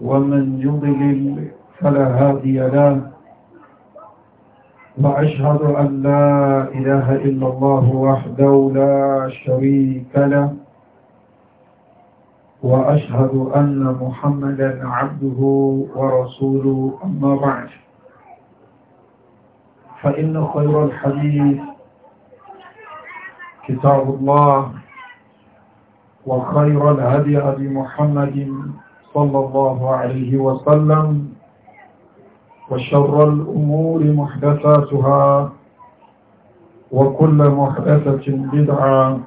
ومن يضلل فلا هادي له وأشهد أن لا إله إلا الله وحده لا شريك له وأشهد أن محمدا عبده ورسوله أما بعد فإن خير الحديث كتاب الله وخير الهدي أبي محمد صلى الله عليه وسلم وشر الأمور محدثاتها وكل محدثة بدعة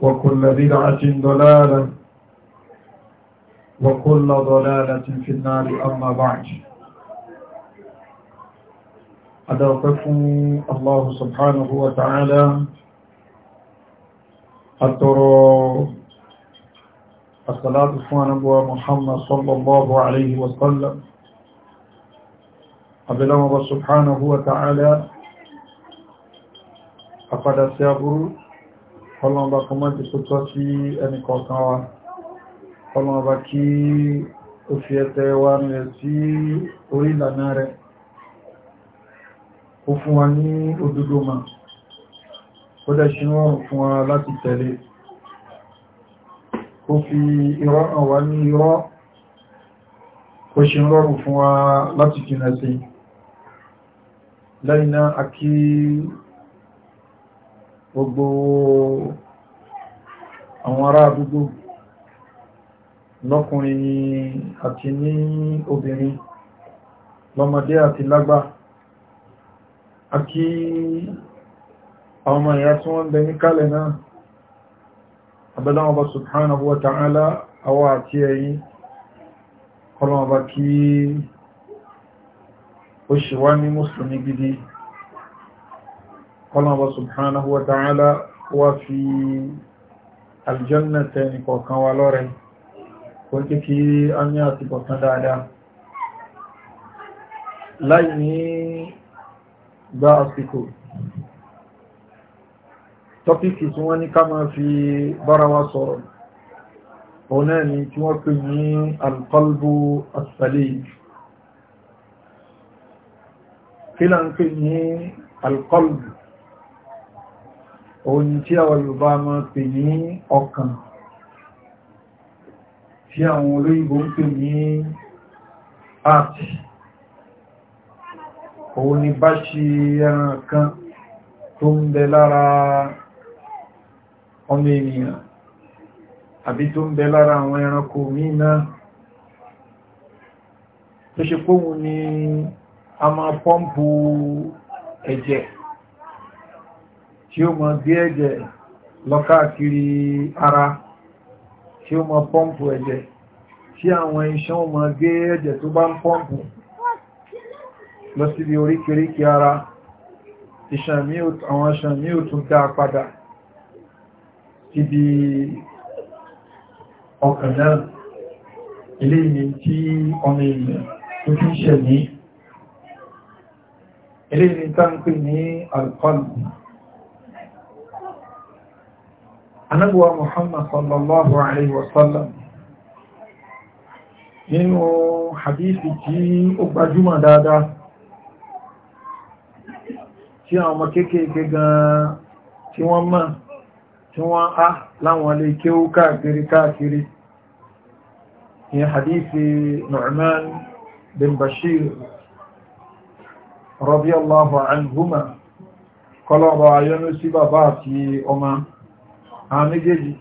وكل بدعة ضلالة وكل ضلالة في النار أما بعد أدرككم الله سبحانه وتعالى أترى الصلاة والسلام على محمد صلى الله عليه وسلم أبلغ الله سبحانه وتعالى أقد سيابر Ọlọ́run bá kọmọ́ ti tó tọ́ sí ẹni kọ̀ọ̀kan wa. Ọlọ́run bá kí ó fi ẹ̀tẹ́ wa rẹ̀ sí orí ìlànà rẹ̀. Ó fún wa ní òdodo mà. Ó dẹ̀ ṣe wọ́n fún wa láti tẹ̀lé kó fi irọ́ hàn wá ní irọ́ kó ṣe rọrùn fún wa láti jìnà sí lẹ́yìn náà a kí gbogbo àwọn ará àdúgbò lọ́kùnrin àti ní obìnrin lọ́mọdé àti lágbà a àwọn ìyá tí wọ́n bẹ ní kálẹ̀ náà abẹ́láwọn ọba subhanahu wa ta'ala awọ àti ẹ̀yìn kọlọ́wọ́ bá kí ó ṣe wá ní mùsùlùmí gidi kọlọ́wọ́ bá subhanahu wa ta'ala wá fi aljanna tẹ́ni kọ̀ọ̀kan wa lọ́rẹ̀ kò kí kí a ní àti kọ̀ọ̀kan dáadáa láì ní gbá àsìkò tọ́pìkì tí wọ́n ní ká máa fi bára wa sọ̀rọ̀ òun náà ni tí wọ́n pè ní alqalbu as-salim kí là ń pè ní alqalbu òun tí àwọn Yorùbá máa pè ní ọkàn tí àwọn olóyìnbó ń pè ní art òun ni bá ṣe ẹran kan tó ń bẹ lára ọmọ ènìyàn àbí tó ń bẹ lára àwọn ẹranko míì náà tó ṣe póhun ni a máa pọ́ǹpù ẹ̀jẹ̀ tí ó máa gbé ẹ̀jẹ̀ lọ ara tí ó máa pọ́ǹpù ẹ̀jẹ̀ tí àwọn iṣan máa gbé ẹ̀jẹ̀ tó bá ń pọ́ǹpù lọ síbi oríkèríkè ara ìṣàmí àwọn ìṣàmí ò dá padà ibi ọkàn náà ilé ìní tí ọmọ ilẹ̀ tó fi ṣẹ̀ ní ilé ìní táǹkì ní alkọlù anábúwa Muhammad sallallahu alaihi wasallam nínú hadithi tí ó gbajúmọ̀ dáadáa tí àwọn kéèkéé gan tí wọ́n máa tí wọ́n á láwọn lè kéwú káàkiri káàkiri ní hadithi Nu'man bin Bashir radiyallahu anhuma kọlọ̀rọ̀ ayọ́nú sí bàbá àti ọmọ àmìjèjì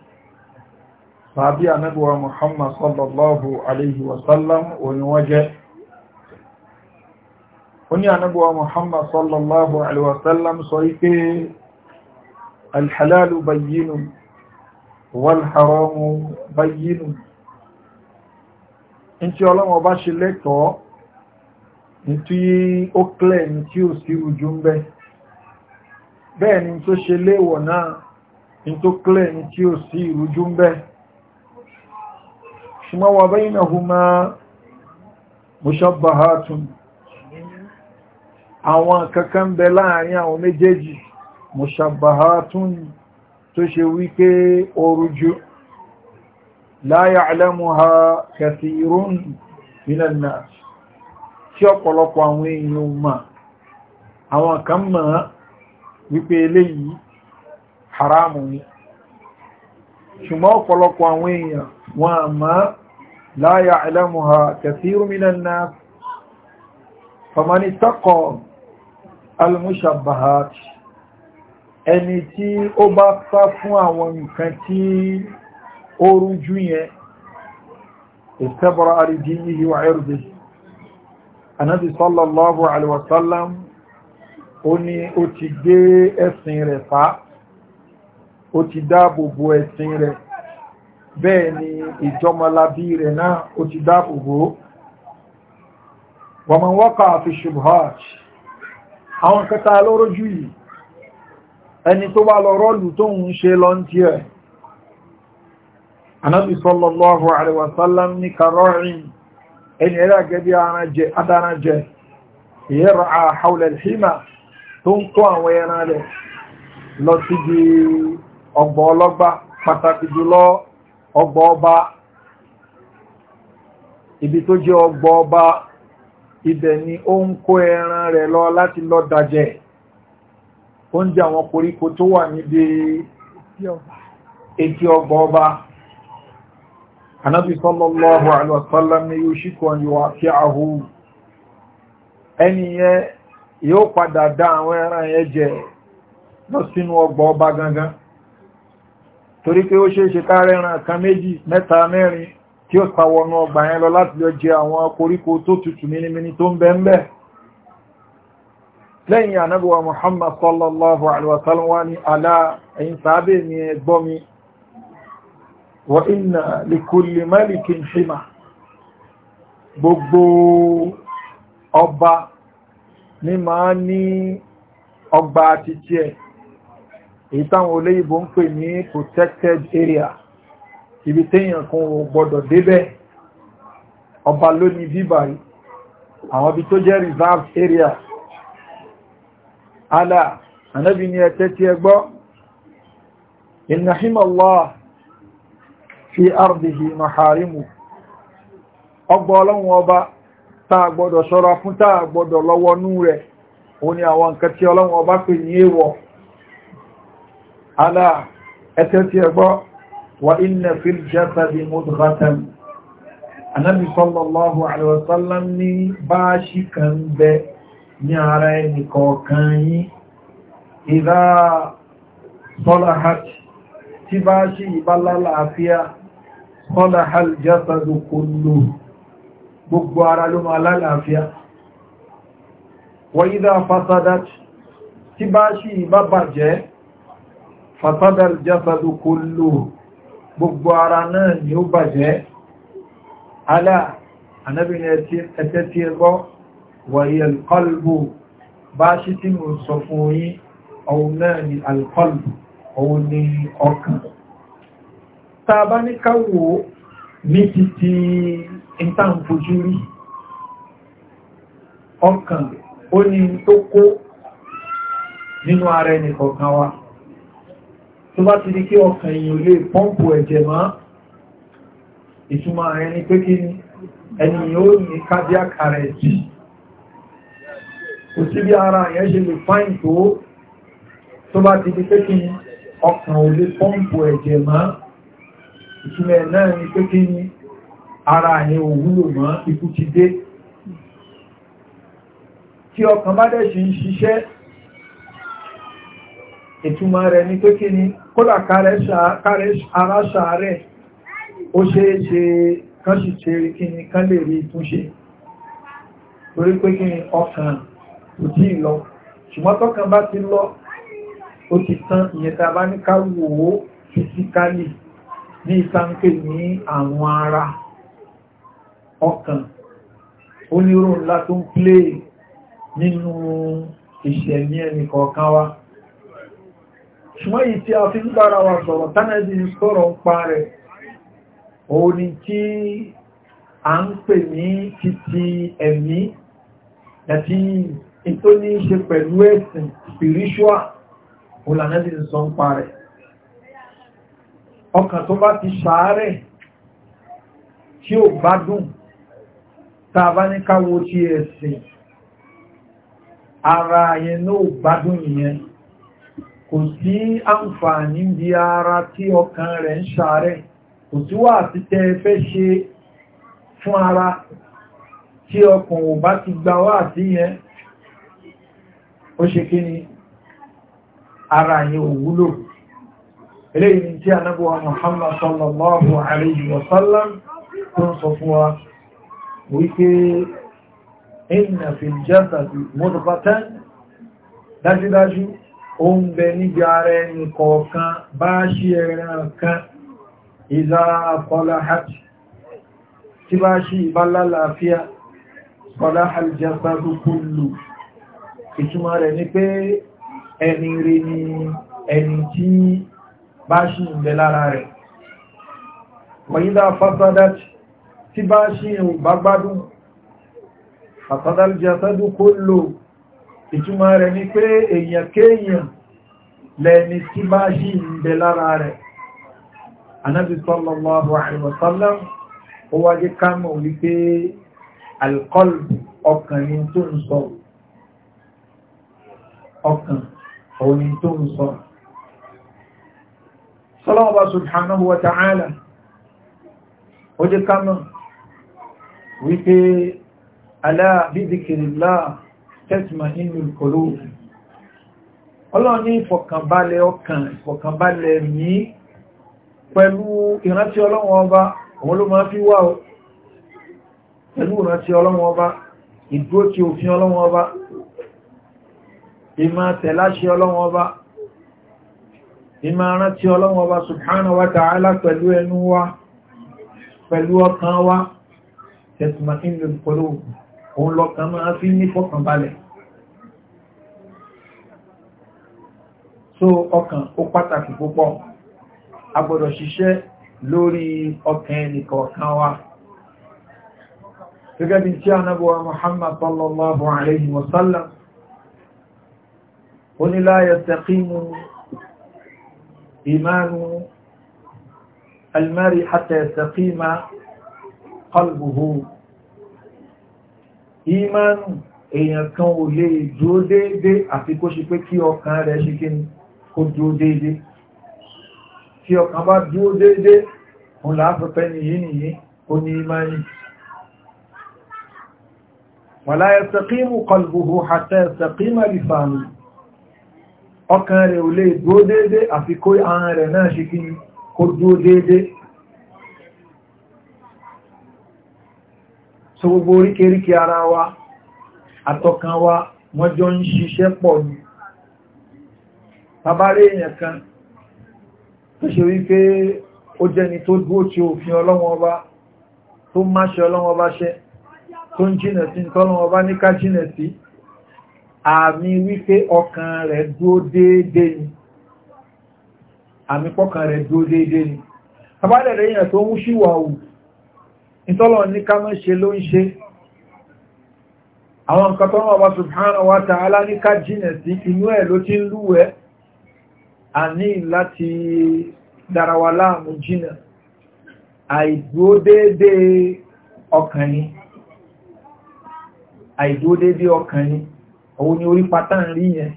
tàbí anábíwa Muhammad sallallahu alaihi wasallam oníwọ́jẹ́ ó ní anábíwa Muhammad sallallahu alaihi wasallam sọ ike الحلال بين والحرام بين in tí ọlọ́wọ́ bá ṣe lẹ́tọ̀ọ́ ní tí ó klẹ̀ ní tí ó sí rújú ń bẹ́ bẹ́ẹ̀ ni tó ṣe léèwọ̀ náà ní tó klẹ̀ ní tí ó sí rújú ń bẹ́ ṣùgbọ́n wà bẹ́yìn náà hù máa mushabbahatun àwọn kankan bẹ láàrin àwọn méjèèjì mushabbahatun tó ṣe wípé orújú la ya'lamuha kathirun minan nas tí ọ̀pọ̀lọpọ̀ àwọn èèyàn ma àwọn kan mọ̀ wípé eléyìí haramu ni ṣùgbọ́n ọ̀pọ̀lọpọ̀ àwọn èèyàn wọn a máa la ya'lamuha kathirun minan nas famani taqa al-mushabbahat ẹni tí ó bá sá fún àwọn nǹkan tí ó rújú yẹn ìsẹ́bọ̀rọ̀ àrídí yíyí wà ẹrùdí anábi sallallahu alaihi wasallam ó ní ó ti gbé ẹ̀sìn rẹ̀ fà ó ti dáàbòbò ẹ̀sìn rẹ̀ bẹ́ẹ̀ ni ìjọmọlábí rẹ̀ náà ó ti dáàbòbò wọ́n wọ́kà fi ṣubhaj àwọn kẹta lórójú yìí ẹni tó bá lọ rọ́lù tó ń ṣe lọ ń tí ẹ̀ anábi sallallahu alaihi wasallam ní karọ́rin ẹni ẹ̀rẹ́ àgẹ́bí adánájẹ́ yẹ́rọ àhàulẹ̀ hìmá tó ń kó àwọn ẹran rẹ̀ lọ sí di ọgbọ̀ ọlọ́gbà pàtàkì jùlọ ọgbọ̀ ọba ibi tó jẹ́ ọgbọ̀ ọba ibẹ̀ ni ó ń kó ẹran rẹ̀ lọ láti lọ dàjẹ́ o ń jẹ àwọn koríko tó wà níbi etí ọba anábi sallallahu alaihi ni yóò ṣíkọ̀ àhú ẹni yóò padà dá àwọn ẹran yẹn lọ sínú ọba gangan torí pé ó ṣeéṣe káàrẹ ẹran kan méjì mẹ́ta mẹ́rin tí ó sàwọnú ọgbà yẹn lọ láti lọ jẹ àwọn koríko tó tutù lẹ́yìn ànábíwa muhammad sallallahu alaihi wasallam wá ní alá ẹ̀yìn sàábẹ̀ ní ẹgbọ́ mi wa inna likulli malikin hima gbogbo ọba ní máa ní ọgbà àtìtì ẹ̀ èyí táwọn olóyìnbó ń pè ní protected area ibi téèyàn kan ò gbọdọ̀ débẹ̀ ọba ló ní bíbáyìí àwọn ibi tó jẹ́ reserved area alá anábi ni ẹ tẹ́tí ẹ gbọ́ inna himallah fi ardihi maharimu ọgbọ́ ọlọ́run ọba táà gbọ́dọ̀ ṣọ́ra fún táà gbọ́dọ̀ lọ́wọ́nú rẹ̀ o ni àwọn nǹkan tí ọlọ́run ọba pè ní èèwọ̀ alá ẹ̀tẹ́ tí ẹgbọ́ wa inna fil jasadi mudghatan anábi sallallahu alaihi wasallam ní bá ṣíkà ń bẹ́ẹ̀ ní ara ẹni kọ̀ọ̀kan yín ìlà sọ́láhàt tí bá ṣe ìbálálà àfíà sọ́láhàl jásàdù kò lò gbogbo ara ló máa lálàáfíà wọ́n ìdá fasadat tí bá ṣe ìbá bàjẹ́ fasadal kò lò gbogbo ara náà ni ó bàjẹ́ alá anábìnrin ẹ̀tẹ́ tí ẹgbọ́ wàyí alkọlbù bá ṣí tí mo sọ fún yín ọ̀hún náà ni alkọlbù ọ̀hún ni ọkàn tá a bá ní káwò ní ti ti ìtàǹfojú rí ọkàn ó ní tó kó nínú ara ẹni kọ̀ọ̀kan wa tó bá ti di kí ọkàn èèyàn lè pọ́ǹpù ẹ̀jẹ̀ máa ìtumọ̀ ẹni pé kí ẹni yóò ní cardiac arrest kò sí bí ara yẹn ṣe lè fáìn tó tó bá ti di pé kí ọkàn ò pọ́ǹpù ẹ̀jẹ̀ mọ́ ìtumẹ̀ náà ni pé kí ara yẹn ò wúlò mọ́ ikú ti dé tí ọkàn bá dẹ̀ ṣe ń ṣiṣẹ́ ìtumọ̀ rẹ̀ ni pé kí ni kódà kárẹ̀ ara ṣàárẹ̀ ó ṣe é ṣe kán sì ṣe kí ni kán lè rí ìtúnṣe torí pé kí ni ọkàn kò tí ì lọ ṣùgbọ́n tọ́kàn bá ti lọ ó ti tán ìyẹn tá a bá ní ká wò ó fisikálì ní ìtànkè ní àwọn ara ọkàn onírò ńlá tó ń plé nínú ìṣẹ̀mí ẹni kọ̀ọ̀kan wa ṣùgbọ́n yìí tí a fi ń bára wa sọ̀rọ̀ tánàdì sọ̀rọ̀ ń pa rẹ̀ òun ni tí a ń pè ní títí ẹ̀mí àti ìtó ní í ṣe pẹ̀lú ẹ̀sìn spiritual olànàbí ń sọ ń pa rẹ̀ ọkàn tó bá ti ṣàárẹ̀ tí ò gbádùn tá a bá ní káwo ti ẹ̀sìn ara yẹn náà gbádùn yẹn kò sí àǹfààní bí ara tí ọkàn rẹ̀ ń ṣàárẹ̀ kò sí wà sí tẹ́ fẹ́ ṣe fún ara tí ọkàn ò bá ti gbà wá sí yẹn ó ṣe kí ni ara yẹn ò wúlò eléyìí tí ànábì wa Muhammad sallallahu alayhi wa sallam tó ń sọ fún wa wípé inna fil jasadi mudghatan dájúdájú ó ń bẹ níbi ara ẹni kọ̀ọ̀kan bá ṣí ẹran kan ìzá falahat tí bá ṣí ìbálálàáfíà falaha al jasadu kullu ìtumọ̀ rẹ̀ ni pé ẹni rí ni ẹni tí bá ṣì ń bẹ lára rẹ̀ wọ̀nyídá fásádájì tí bá ṣì ń bá gbádùn fásádájì asádù kó lò ìtumọ̀ rẹ̀ ni pé èèyàn kéèyàn lẹ́ni tí bá ṣì ń lára rẹ̀ anábi sallallahu ọkàn ni tó ń sọ̀rọ̀ ọkàn òun ni tó ń sọ sọ́lọ́ọ̀bá subhanahu wa ta'ala ó jẹ́ kámọ̀ wípé alá bi dhikrillah tatma'innul qulub ọlọ́run ní ìfọ̀kànbalẹ̀ ọkàn ìfọ̀kànbalẹ̀ mí pẹ̀lú ìrántí ọlọ́run ọba òun ló máa fi wá pẹ̀lú ìrántí ọlọ́run ọba ìmá tẹ̀láṣẹ ọlọ́wọ́ ọba ìmá rántí ọlọ́wọ́ ọba ṣùgbọ́n wa ta'ala pẹ̀lú ẹnu wa pẹ̀lú ọkàn wa tẹ̀sùmá inú pẹ̀lú òun lọ́kàn máa fi ní fọkànbalẹ̀ so ọkàn ó pàtàkì púpọ̀ a gbọ́dọ̀ ṣiṣẹ́ lórí ọkàn ẹnìkọ̀ọ̀kan wa Muhammad ó ní la yastaqimu ìmánu almari hatta yastaqima qalbuhu ìmánu èèyàn kan ò lè dúró déédé àfi kó ṣe pé kí ọkàn rẹ̀ ṣe kí kó dúró déédé tí ọkàn bá dúró déédé òun láàpẹ́pẹ́ ni yìí nìyí ó ní ìmánu wala yastaqimu qalbuhu hatta yastaqima lisanu ọkàn rẹ̀ ò lè dúó déédé àfi kó ahọ́n rẹ̀ náà ṣe kí kó dúó déédé so gbogbo oríkèríkè ara wa àtọkàn wa wọ́n jọ ń ṣiṣẹ́ pọ̀ ní babáré èèyàn kan tó ṣe wípé ó jẹni tó dúó tí òfin ọlọ́wọ́n ọba tó máṣe ọlọ́wọ́n ọba ṣẹ tó ń jìnà sí ń tọ́lọ́wọ́n ọba ní ká jìnà sí àmì wípé ọkàn rẹ̀ dúró déédé ni àmì pọ́kàn rẹ̀ dúó déédé ni abádẹ̀rẹ̀ èèyàn tó ń ṣíwà wù ìtọ́lọ̀ ní ká mọ́ ṣe ló ń ṣe àwọn nǹkan tó wọ́n subhanahu wa ta'ala ní ká jìnà sí inú ẹ̀ ló ti ń a láti darawa láàmú jìnà àìdúó déédé ọkàn ni àìdúó déédé ọkàn ni òun ni orí pátá ń rí yẹn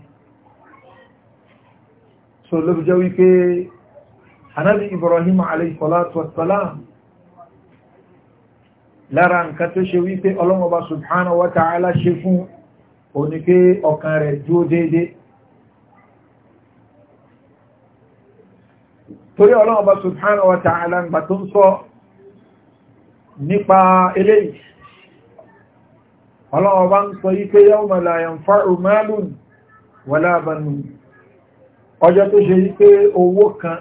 so ló fi jẹ́ wípé anábi Ibrahim alayhi salatu wassalam lára nǹkan tó ṣe wípé ọlọ́mọba subhanahu wa ta'ala ṣe fún òní ọkàn rẹ̀ dúó déédéé torí ọlọ́mọba subhanahu wa ta'ala gbà tó ń sọ nípa eléyìí ọlọ́wọ́ bá ń sọ yí pé yawma la yanfa'u malun wala banun ọjọ́ tó ṣe yí pé owó kan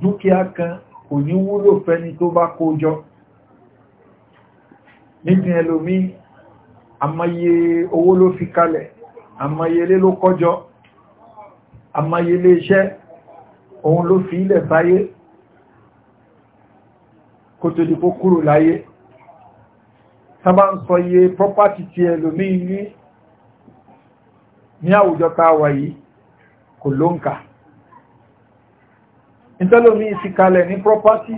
dúkìá kan kò ní wúlò fẹ́ni tó bá kó jọ nígbì ẹlòmí àmọye owó ló fi kalẹ̀ àmọye ló kọjọ àmọye iṣẹ́ òun ló fi ilẹ̀ báyé kó tó di kó kúrò láyé tán bá ń sọ iye property ti ẹlòmí ní ní àwùjọ tá wà yìí kò ló ń kà ìtẹ́lòmí ti kalẹ̀ ní property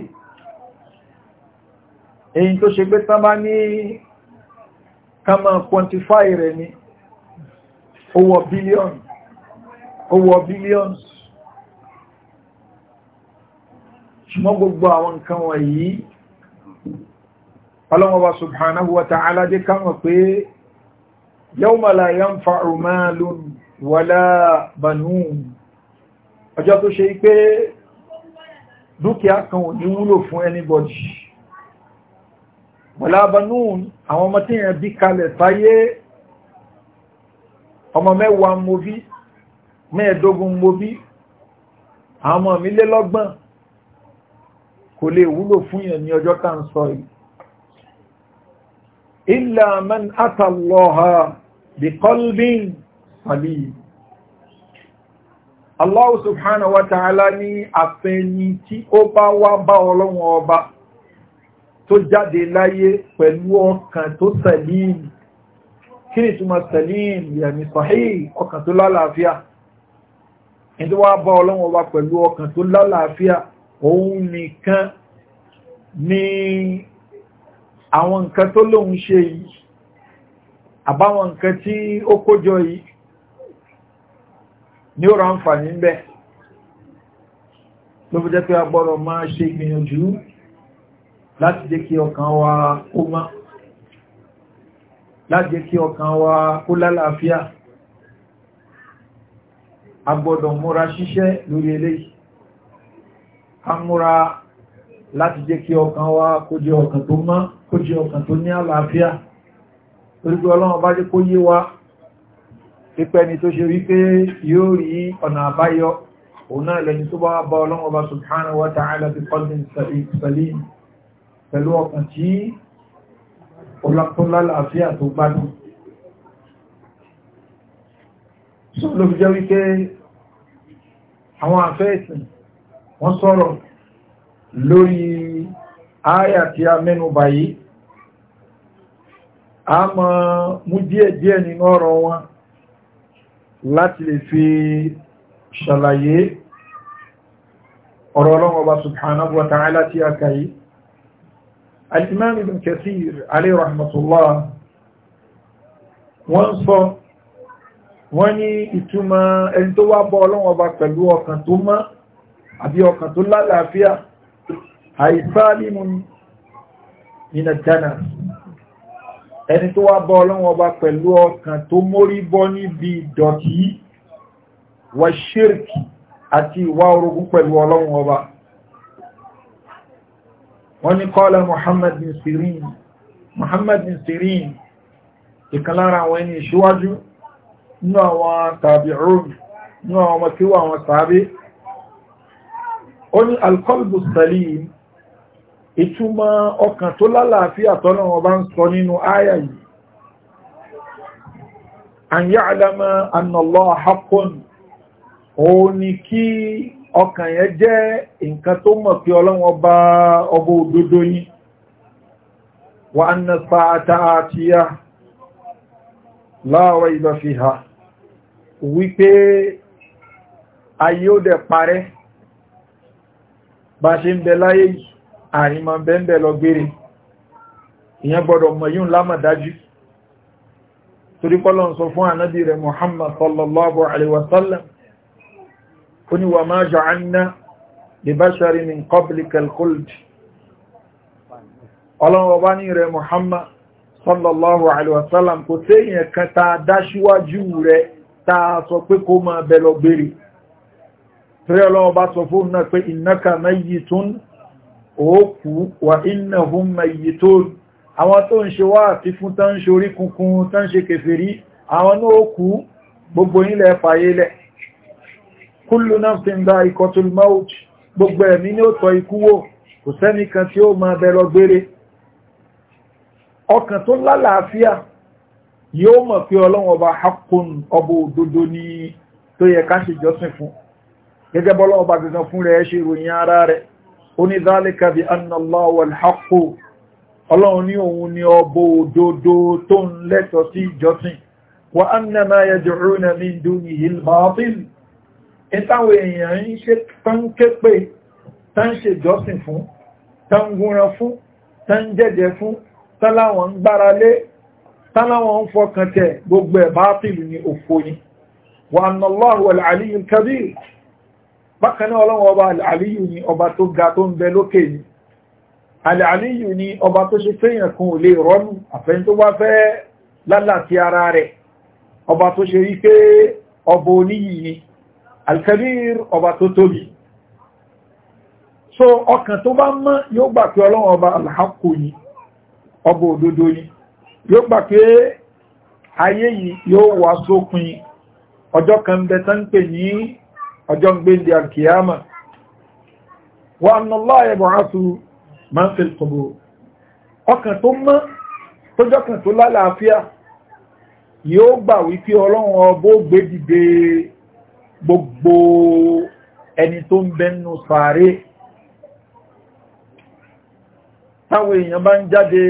èyí tó ṣe pé tán bá ní kama quantify rẹ̀ ni owó billions owó billions ṣùgbọ́n gbogbo àwọn nǹkan wọ̀nyí ọlọ́wọ́wà subhanahu wa ta'ala jẹ́ káwọn pé yawma la yanfa'u malun wala banun ọjọ́ tó ṣe pé dúkìá kan ò ní wúlò fún anybody wala banun àwọn ọmọ tí yẹn bí kalẹ̀ táyé ọmọ mẹ́wàá mo mẹ́ẹ̀dógún mo àwọn ọmọ mi lé lọ́gbọ̀n kò lè wúlò fún yẹn ní ọjọ́ tá ń sọ yìí إلا من أتى الله بقلب سليم Allah subhanahu wa ta'ala ní àfẹ́ni tí ó bá wá bá ọlọ́run ọba tó jáde láyé pẹ̀lú ọkàn tó sẹ̀lìm. Kí ni túnmọ̀ sẹ̀lìm yẹ̀mí sọ̀hí ọkàn tó lálàáfíà? Ìdí wá bá ọlọ́run ọba pẹ̀lú ọkàn tó lálàáfíà, òun nìkan ni àwọn nǹkan tó lóun ṣe yìí àbáwọn nǹkan tí ó kójọ yìí ní ó ra àǹfààní ń bẹ ló fi jẹ́ pé agbọ́rọ̀ máa ṣe ìgbìyànjú láti jẹ́ kí ọkàn wa kó má láti jẹ́ kí ọkàn wa kó lálàáfíà agbọ́dọ̀ múra ṣiṣẹ́ lórí eléyìí a múra láti jẹ́ kí ọkàn wa kó jẹ́ ọkàn tó mọ́ kó jẹ ọkàn tó ní àlàáfíà torí pé ọlọ́run bá jẹ́ kó yé wa pípẹ́ ni tó ṣe rí pé yóò rí ọ̀nà àbáyọ òun náà lẹ́ni tó bá bá ọlọ́run ọba subhanahu wa ta'ala bi àwọn àfẹ́ ìsìn wọ́n sọ̀rọ̀ lórí áyà tí a mẹ́nu báyìí a mọ́ mú díẹ̀ díẹ̀ nínú ọ̀rọ̀ wọn láti lè fi ṣàlàyé ọ̀rọ̀ ọlọ́wọ́ bá subhanahu wa ta'ala tí a kàyí al-imam ibn kathir alayhi rahmatullah wọ́n sọ wọ́n ní ìtumọ̀ ẹni tó wá bọ́ ọlọ́wọ́ bá pẹ̀lú ọkàn tó mọ́ àbí ọkàn tó lálàáfíà àì sáàlìmù nínà jana ẹni tó wá bọ́ ọlọ́wọ́ ọba pẹ̀lú ọkàn tó mórí bọ́ níbi ìdọ̀tí wà ṣírkì àti ìwà orogún pẹ̀lú ọlọ́wọ́ ọba wọ́n ni kọ́lá Muhammad bin Sirin Muhammad bin Sirin ìkan lára àwọn ẹni ìṣíwájú nínú àwọn tàbí rúrù nínú àwọn ọmọ tí wà àwọn tàbí ó ní alkọ́lù salim ìtumọ̀ ọkàn tó lálàáfíà tọ́nà wọn bá ń sọ nínú àyà yìí an ya'lama anna Allah haqqun òun ni kí ọkàn yẹn jẹ́ nǹkan tó mọ̀ pé ọlọ́wọ́ bá ọgbọ́ òdodo yìí wa anna sa'ata atiya la rayba fiha wípé ayé ó dẹ̀ parẹ́ bá ṣe ń bẹ láyé yìí àrìmọ̀ bẹ́ẹ̀bẹ̀ lọ gbére ìyẹn gbọ́dọ̀ mọ̀ yíò lámàdájú torí pọ́lọ̀ ń sọ fún ànábì rẹ̀ Muhammad sallallahu alaihi wasallam kuni wa ma ja'anna li basharin min qablikal khuld ọlọ́wọ́ bá ní rẹ̀ Muhammad sallallahu alaihi wasallam kò sí èyàn kan ta òkú wà innahum mayyitun àwọn tó ń ṣe wá àti fún tán ṣe orí kunkun tán ṣe kèfèrí àwọn náà òkú gbogbo ilẹ̀ fàyélẹ̀ kullu nafsin dha'iqatul maut gbogbo ẹ̀mí ní ó tọ́ ikú wò kò sẹ́nìkan tí ó máa bẹ̀rọ gbére ọkàn tó lálàáfíà yóò mọ̀ pé ọlọ́run ọba òdodo ni tó yẹ ká ṣe jọ́sìn fún gẹ́gẹ́ bọ́lọ́run ọba gangan fún rẹ̀ ṣe ìròyìn ara rẹ̀ onídálẹ́ka bí annallahu alhaqu ọlọ́run ní òun ni ọbọ̀ òdodo tó ń lẹ́tọ̀ sí ìjọsìn wa annama yad'una min dunihi al-batil ìtàwọ̀ èèyàn ń ṣe tán képe tán ṣe jọsìn fún bákan náà ọlọ́run ọba àlìyù ni ọba tó ga tó ń bẹ lókè ni àlìyù ni ọba tó ṣe fẹ́yàn kan ò lè rọ́nù àfẹ́ni tó bá fẹ́ lálàtí ara rẹ̀ ọba tó ṣe rí pé ọba oníyì ni alkabir ọba tó tóbi so ọkàn tó bá mọ́ yóò gbà pé ọlọ́run ọba alhaku ni ọba òdodo ni yóò gbà pé ayé yìí yóò wá sópin ọjọ́ kan bẹ tán pè ní ọjọ́ ń gbé ní alkiyama wa annallahu yab'athu man fil qubur ọkàn tó mọ́ tó jọ́kàn tó lálàáfíà yóò gbà wípé ọlọ́run ọbó gbé dìde gbogbo ẹni tó ń bẹnu sàárè táwọn èèyàn bá ń jáde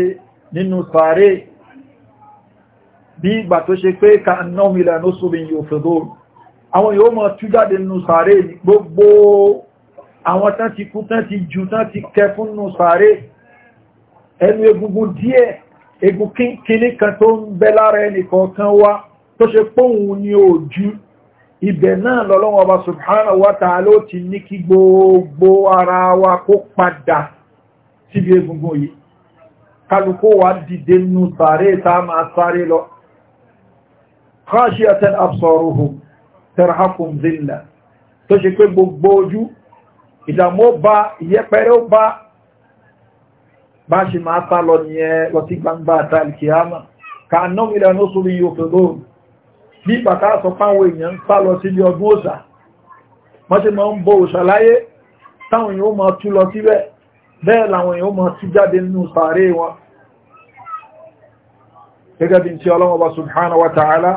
nínú sàárè bí ìgbà tó ṣe pé ka annáhum ila nusubin yufidun àwọn yóò mọ̀ tú jáde nù sàárè gbogbo àwọn tán ti kú tán ti jù tán ti kẹ fún nù sàárè ẹnu egungun díẹ̀ egun kíní kan tó ń bẹ lára ẹnì kọ̀ọ̀kan wá tó ṣe póhùn ní ojú ibẹ̀ náà lọ́lọ́wọ́ ọba subhanahu wa ta'ala ó ti ní kí gbogbo ara wa kó padà síbi egungun yìí kálukó wa dìde nù sàárè tá a máa sáré lọ khashiyatan absaruhum tẹ̀rẹ̀hákùn zílẹ̀ tó ṣe pé gbogbo ojú ìdàmú bá ìyẹ́pẹ̀rẹ́ ó bá bá ṣe máa tá lọ ní ẹ lọ sí gbangba àtàlìkìyàmà ká nọ́mìlẹ̀ ní oṣù yíò pẹ̀lú bí bàtà sọ páwọn èèyàn ń sá lọ sí ilé ọdún òṣà wọ́n ṣe máa ń bọ òṣà láyé táwọn èèyàn ó máa tú lọ síbẹ̀ bẹ́ẹ̀ làwọn èèyàn ó máa tú jáde nínú sàárè wọn gẹ́gẹ́ bí ti ọlọ́mọba subhanahu wa ta'ala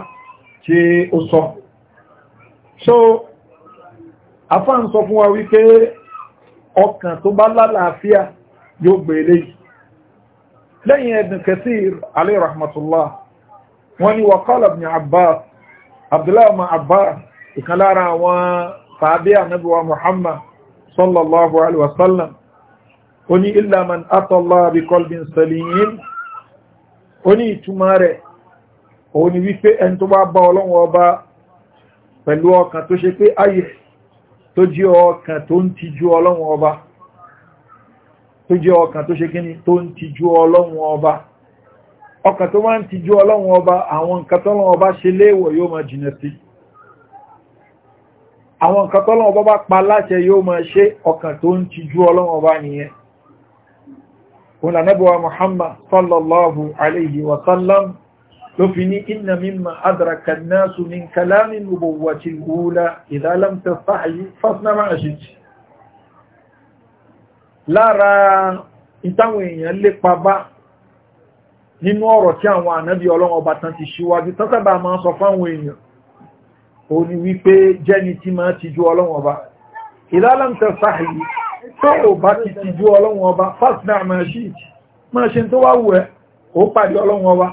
tí ó sọ so afá ń sọ fún wa wípé ọkàn tó bá lálàáfíà yóò gbé eléyìí lẹ́yìn ẹ̀dùn kẹsìr alẹ́ rahmatullah wọ́n ni waqala ibn abbas abdullahi ibn abbas ìkan lára àwọn sàábí ànábíwa muhammad sallallahu alaihi wasallam ó ní illa man atọ́lá bí kọlbin salim ó ìtumá rẹ̀ ó wípé ẹni tó bá bá ọlọ́wọ́ bá pẹ̀lú ọkàn tó ṣe pé ayé tó jẹ́ ọkàn tó ń tijú ọlọ́run ọba tó jẹ́ ọkàn tó ṣe kíní tó ń tijú ọlọ́run ọba ọkàn tó máa ń tijú ọlọ́run ọba àwọn nǹkan tọ́lọ́run ọba ṣe léèwọ̀ yóò máa jìnà sí àwọn nǹkan tọ́lọ́run ọba bá pa láṣẹ yóò máa ṣe ọkàn tó ń tijú ọlọ́run ọba nìyẹn òun lànàbọ̀wà muhammad sallallahu alayhi wa sallam ló fi ní inna mimma adraka an-nasu min kalami nubuwwati al-ula idha lam tastahi fasna ma shi'ta lára ìtàwọn èèyàn lépa bá nínú ọ̀rọ̀ tí àwọn ànábí ọlọ́run ọba tán ti ṣíwájú tán sábà máa ń sọ fáwọn èèyàn ó ní wípé jẹ́ni tí máa ti jú ọlọ́run ọba sáàyí tó ò bá ti ti jú ọlọ́run fásitì àmàṣíìtì máa ṣe tó wá wù ẹ́ ó pàdé ọlọ́run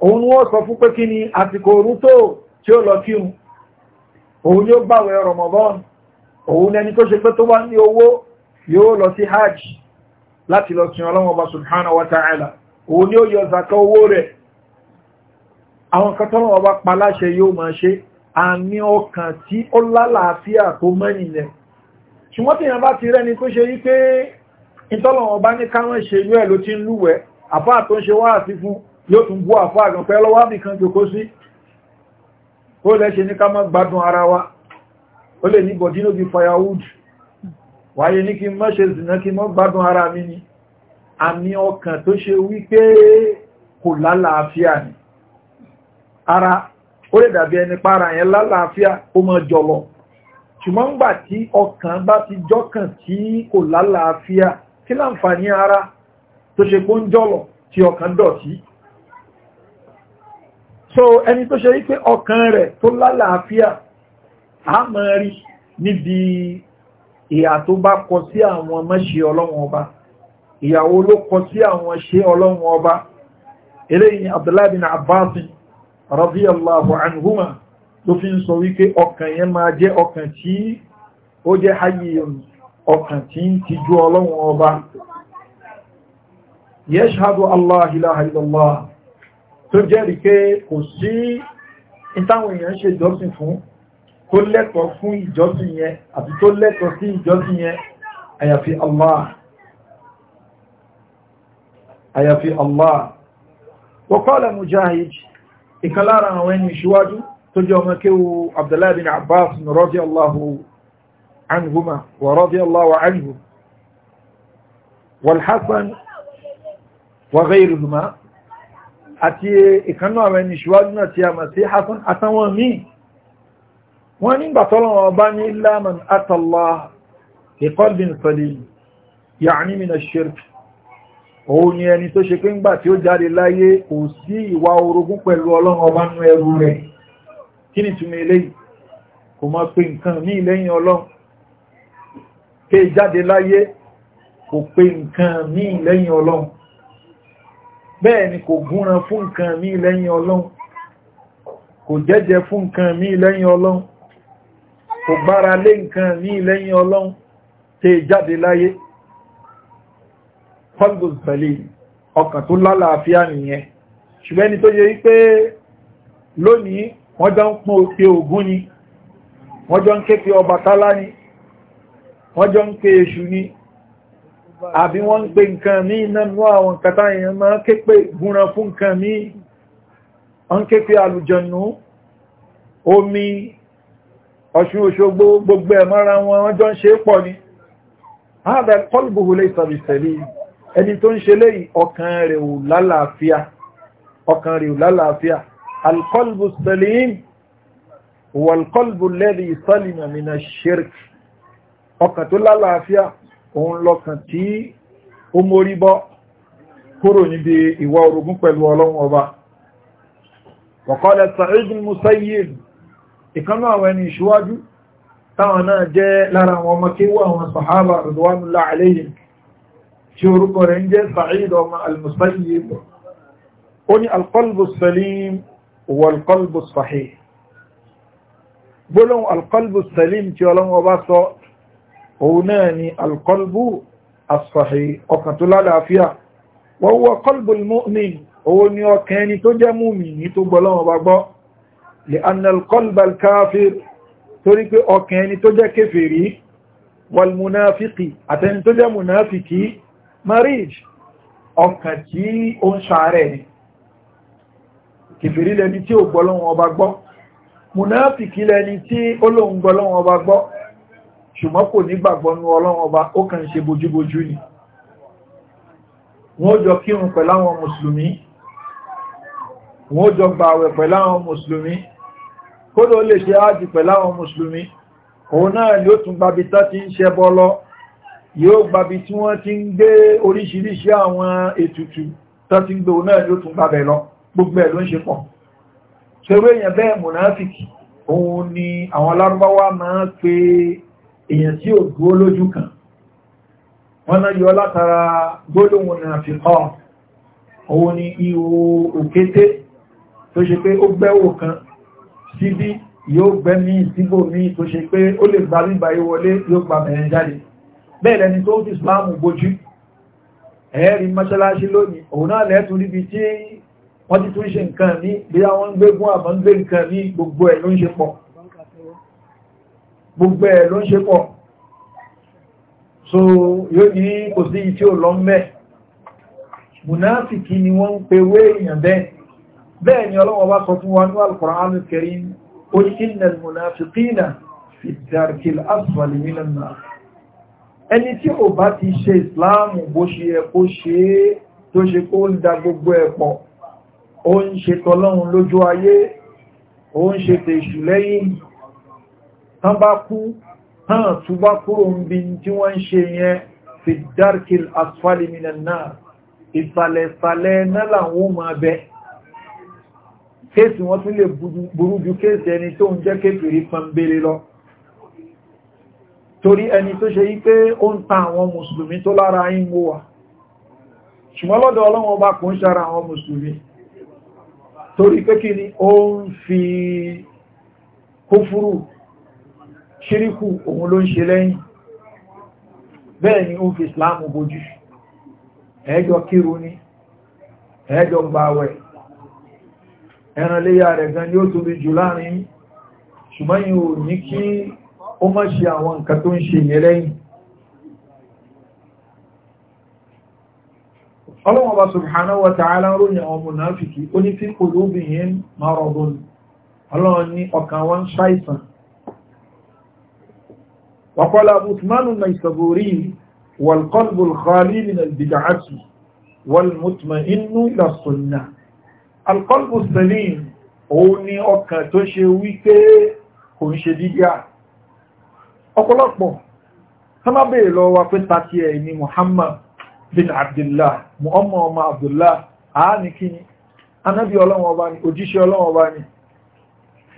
òun wọ́n sọ fún pé kí ni àsìkò orun tó tí ó lọ kíun òun yóò gbàwẹ̀ Ramadan òun ẹni tó ṣe pé tó wá ní owó yóò lọ sí hajj láti lọ sin Ọlọ́run Ọba subhanahu wa ta'ala òun yóò yọ zaka owó rẹ̀ àwọn kan tọ́lọ́wọ́ bá pa láṣẹ yóò máa ṣe àmì ọkàn tí ó lálàáfíà tó mẹ́yìnlẹ̀ ṣùgbọ́n tí ìyàn ní káwọn ṣe ẹ̀ ló ti ń lúwẹ̀ẹ́ àfáà tó ń ṣe fún yóò tún bú àfá àgbọ̀nfẹ́ lọ́wọ́ nìkan jòkó sí ó lẹ́ṣe ní ká má gbádùn ara wa ó lè ní bọ̀dínú bí firewood wáyé ní kí mọ́ ṣe zìnà kí mọ́ gbádùn ara mi ni àmì ọkàn tó ṣe wípé kò lálàáfíà ni ara ó lè dàbí ẹni para yẹn lálàáfíà ó mọ́ jọlọ ṣùgbọ́n gbà tí ọkàn bá ti jọ́kàn tí kò lálàáfíà kí láǹfààní ara tó ṣe pó ń jọlọ tí ọkàn dọ̀tí so ẹni tó ṣe wípé ọkàn rẹ̀ tó lálàáfíà a mọ̀ rí níbi ìyà tó bá kọ sí àwọn mọ́ṣe ọlọ́run ọba ìyàwó ló kọ sí àwọn ṣe ọlọ́run ọba eléyìn Abdullahi bin Abbas anhuma ló fi ń sọ wípé ọkàn yẹn máa jẹ́ ọkàn tí ó jẹ́ ọkàn tí ń ti ju Allah tó jẹ́rìí pé kò sí ìtàwọn èèyàn ṣe ìjọsìn fún tó lẹ́tọ̀ọ́ fún ìjọsìn yẹn àti tó lẹ́tọ̀ọ́ sí ìjọsìn yẹn àyàfi Allah àyàfi Allah wa qala Mujahid ìkan lára àwọn ẹni ìṣíwájú tó jẹ́ ọmọ kéwú Abdullahi Abbas radiyallahu عنهما ورضي الله عنه والحسن وغيرهما àti ìkanú àwọn ẹni ṣíwájú náà tí a mọ̀ sí hassan àtàwọn míì wọ́n nígbà tọ́lọ̀wọ́ bá ní lámàn àtàlá ìkọ́lbìn sọlì yàní mina shirk òun ni ẹni tó ṣe pé ńgbà tí ó jáde láyé kò sí ìwà orogún pẹ̀lú ọlọ́run bẹ́ẹ̀ ni kò gúnran fún nǹkan mí lẹ́yìn ọlọ́run kò jẹ́jẹ fún nǹkan mí lẹ́yìn ọlọ́run kò gbára lé nǹkan mí lẹ́yìn ọlọ́run tẹ jáde láyé fọ́gbọ̀s pẹ̀lẹ̀ ọkàn tó lálàáfíà nìyẹn ṣùgbẹ́ ni tó yẹ wípé lónìí wọ́n jọ ń pín òpé Ògún ni wọ́n jọ ń ké pe Ọbàtálá ni wọ́n jọ ń ké Èṣù ni àbí wọ́n ń pe nǹkan ní nánú àwọn nǹkan táyẹn máa képe gúnran fún nǹkan ní ọ́n képe àlùjọ̀nú omi ọ̀ṣun òṣogbo gbogbo ẹ̀mọ́ra wọn wọ́n jọ ń ṣe pọ̀ ni hádà kọlùbùhù lè sàbìsẹ̀lì ẹni tó ń ṣe léyìí ọkàn rẹ̀ òun lọ́kàn tí ó mórí bọ́ kúrò níbi ìwà orogún pẹ̀lú ọlọ́run ọba wọ̀kọ́lẹ̀ sa'idun musayyid ìkanú àwọn ẹni ìṣíwájú táwọn náà jẹ́ lára àwọn ọmọ kéwà àwọn sahaba rẹ̀dùwánúlá aléyìn tí orúkọ rẹ̀ ń jẹ́ sa'id ọmọ al-musayyid ó ní alqalbus salim wal-qalbus sahih gbólóhùn alqalbus salim tí ọlọ́run ọba sọ òun náà ni alkọlbù asfàhì ọkàn tó lálàáfíà wọ́n wọ́ kọlbù mọ́mìn òun ni ọkàn ẹni tó jẹ́ múmi ní tó gbọ́lọ́wọ́ bá gbọ́ lè annalkọlbà káfíìr torí pé ọkàn ẹni tó jẹ́ kéfèrí wàlmùnáfíkì àtẹni tó lẹni tí ó gbọ́lọ́wọ́ bá gbọ́ mùnáfíkì lẹni tí ó lóun gbọ́lọ́wọ́ bá gbọ́ ṣùgbọ́n kò ní gbàgbọ́ nú ọlọ́run ọba ó kàn ṣe bojúbojú ni wọ́n jọ kírun pẹ̀láwọn mùsùlùmí wọ́n jọ gbàwẹ̀ pẹ̀láwọn mùsùlùmí kódò lè ṣe ájì pẹ̀láwọn mùsùlùmí òun náà ni ó tún gbabi tán ti ń ṣẹ bọ́lọ́ yóò gbabi tí wọ́n ti ń gbé oríṣiríṣi àwọn ètùtù tán ti ń gbé òun náà ni ó tún gbabẹ̀ lọ gbogbo ẹ̀ ló ń ṣe pọ̀ ṣerú èèyàn bẹ́ẹ̀ mùnáfìkì òun ni àwọn lárúbáwá máa ń pe èyàn tí ò dúó lójú kan wọ́n náà yọ látara gbólóhùn náà fi kọ́ òun ni ihò òkété tó ṣe pé ó gbẹ́wò kan síbí yóò gbẹ́ ní ìsígbò mí tó ṣe pé ó lè gba bíbá ìwọlé yóò gba mẹ́rin jáde bẹ́ẹ̀ lẹni tó fi Islam bójú ẹ̀ẹ́rí mọ́ṣáláṣí lónìí òun náà lẹ́tún gbogbo ẹ̀ ló ń ṣe pọ̀ so yóò ní kò sí tí ó lọ mẹ́ munafiki ni wọ́n ń pe wé èèyàn bẹ́ẹ̀ bẹ́ẹ̀ ni ọlọ́wọ́ bá sọ fún wa ní al-Qur'an al-Karim ó ní innal munafiqina fi darkil asfali minan ẹni tí ò bá ti ṣe ìsìláàmù bó ṣe yẹ kó ṣe é tó ṣe kó ń da gbogbo ẹ̀ pọ̀ ó ń ṣe tọlọ́run lójú ayé ó ń ṣe tèṣù lẹ́yìn tán bá kú tán túbá kúrò ń bí tí wọ́n ń ṣe yẹn fi dárkìl asfali minan nar ìsàlẹ̀sàlẹ̀ náà làwọn máa bẹ kéèsì wọ́n tún lè burú ju kéèsì ẹni tó ń jẹ́ kéèkìrí pàmbélé lọ torí ẹni tó ṣe yí pé ó ń ta àwọn mùsùlùmí tó lára yín mú wa ṣùgbọ́n lọ́dọ̀ ọlọ́wọ́n bá kún ṣára àwọn mùsùlùmí torí pé kí ni ó ń fi kúfúrú ṣíríkù òun ló ń ṣe lẹ́yìn bẹ́ẹ̀ ni ó fi islamu bojú ẹjọ́ kírù ní ẹjọ́ gbàwẹ̀ ẹran léyà rẹ̀ gan ni ó tóbi jù láàrin ṣùgbọ́n yìí ò ní kí ó má ṣe àwọn nǹkan tó ń ṣe yẹ lẹ́yìn ọlọ́wọ́n subhanahu wa ta'ala ròyìn àwọn munafiki ó ní fi qulubihim maradun ọlọ́wọ́n ní ọkàn wọn ṣàìsàn وقال أبو عثمان النيسابوري والقلب الخالي من البدعة والمطمئن إلى السنة القلب السليم òní ọkàn tó ṣe wípé kò ń ṣe dídíà ọ̀pọ̀lọpọ̀ sábàbẹ̀ lọ wa pé tàti ẹ̀ ni Muhammad bin Abdullah Muhammad ọmọ Abdullah àání kí ni anábí ọlọ́wọ́ ọba ni òjíṣẹ́ ọlọ́wọ́ ọba ni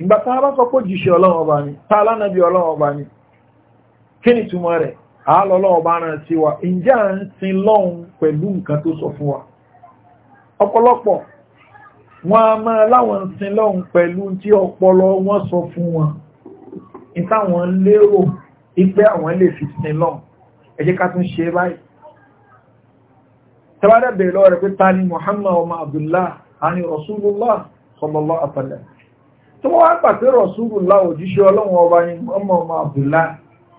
ìgbà tá a bá sọ pé òjíṣẹ́ ọlọ́wọ́ ọba ni tá a lánàbí ọlọ́wọ́ ọba ni kí ni túmọ̀ rẹ̀ àálọ́lọ́wọ́ sí wa ń sin lọ́hun pẹ̀lú nǹkan tó sọ fún wa ọ̀pọ̀lọpọ̀ wọn a máa láwọn sin pẹ̀lú tí ọpọlọ wọn sọ fún wọn ìtàwọn lérò ipé àwọn lè fi sin lọ́hun ẹ ká tún ṣe báyìí wọ́n wá Rasulullah òjíṣẹ́ ọlọ́run ọba ni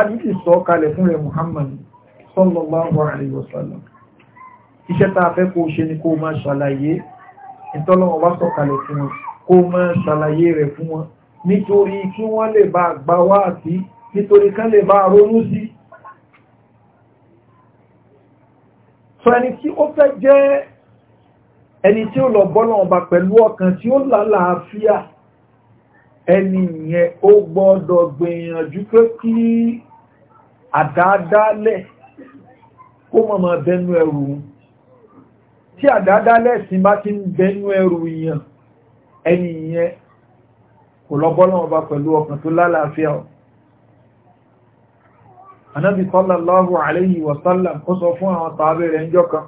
àdìsí sọ kalẹ̀ fún rẹ̀ Muhammad sallallahu alayhi wa sallam iṣẹ́ ta fẹ́ kó ṣe ni kó máa ṣàlàyé ìtọ́lọ́wọ́ bá sọ kalẹ̀ fún wọn kó máa ṣàlàyé rẹ̀ fún wọn nítorí kí wọ́n lè bá gbà wá àti nítorí kán ẹni yẹn ó gbọ́dọ̀ gbìyànjú pé kí àdádálẹ̀ kó mọ̀mọ̀ bẹnu ẹrù tí àdádálẹ̀ sí bá ti ń bẹnu ẹrù yàn ẹni yẹn kò lọ́bọ́lọ́wọ́ bá pẹ̀lú ọkàn tó lálàáfíà ọ̀ anábi sallallahu alayhi wa sallam ó sọ fún àwọn tàbí rẹ̀ ń jọ kan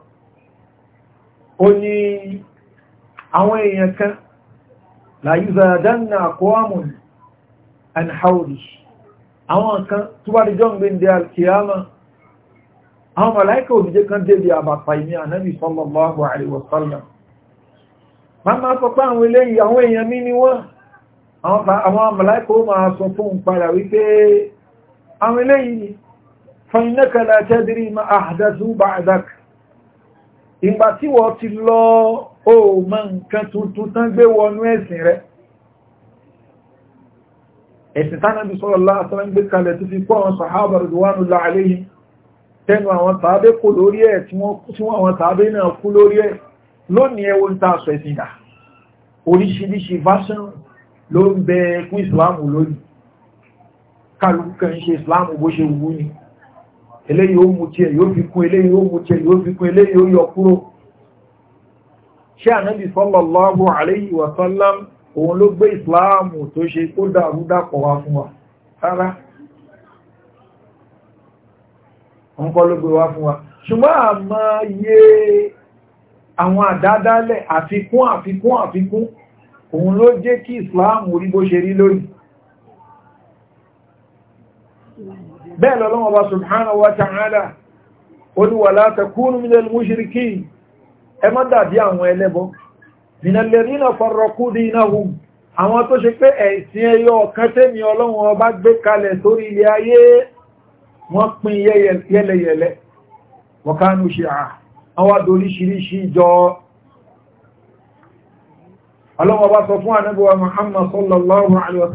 ó ní àwọn èèyàn kan la yuzadanna aqwamun an hawli àwọn kan tó bá dìjọ́ ń gbé ní alkiyama àwọn màláíkà òbíjẹ́ kan débi àbàpà ìmí ànábì sallallahu alaihi wasallam ma ma sọ pé àwọn eléyìí àwọn èèyàn mi ni wọ́n àwọn màláíkà ó máa sọ fún ìgbà tí wọ́n ti lọ́ọ́ ó mọ̀ nǹkan tuntun tán gbé wọnú ẹ̀sìn rẹ̀ ẹ̀sìn tánàbí sallallahu alaihi wasallam gbé kalẹ̀ tó fi kọ́ àwọn sàhábà ridwanullahi alaihim tẹnu àwọn tàbí kò lórí ẹ̀ tí wọ́n àwọn tàbí náà kú lórí ẹ̀ lónìí ẹwọ́n ń tàṣọ ẹ̀sìn dà oríṣiríṣi version ló ń bẹ fún ìsìláàmù lónìí kálukú kan ń ṣe ìsìláàmù bó ṣe wù ní eléyìí ó mú tiẹ̀ yóò fi kún eléyìí ó mú tiẹ̀ yóò fi kún eléyìí ó yọ kúrò ṣe ànábì sallallahu alayhi wa sallam òun ló gbé ìsìláàmù tó ṣe kó dàrúdàpọ̀ wá fún wa rárá òun kọ́ ló gbé wá fún wa ṣùgbọ́n àmọ́ yé àwọn àdádálẹ̀ àfikún àfikún àfikún òun ló jẹ́ kí ìsìláàmù rí bó ṣe rí lórí bẹ́ẹ̀ lọ́lọ́wọ́ ẹ má dàbí àwọn ẹlẹ́bọ minalẹ́rìnà farrakú dinahum àwọn tó ṣe pé ẹ̀sìn ẹyọ ọ̀kan tẹ́mi ọlọ́run ọba gbé kalẹ̀ sórí ilẹ̀ ayé wọ́n pín yẹ́lẹ̀yẹ̀lẹ̀ wọ̀kánú ṣe à àwọn adoríṣiríṣi ìjọ ọlọ́run ọba sọ fún ànábì Muhammad sallallahu alaihi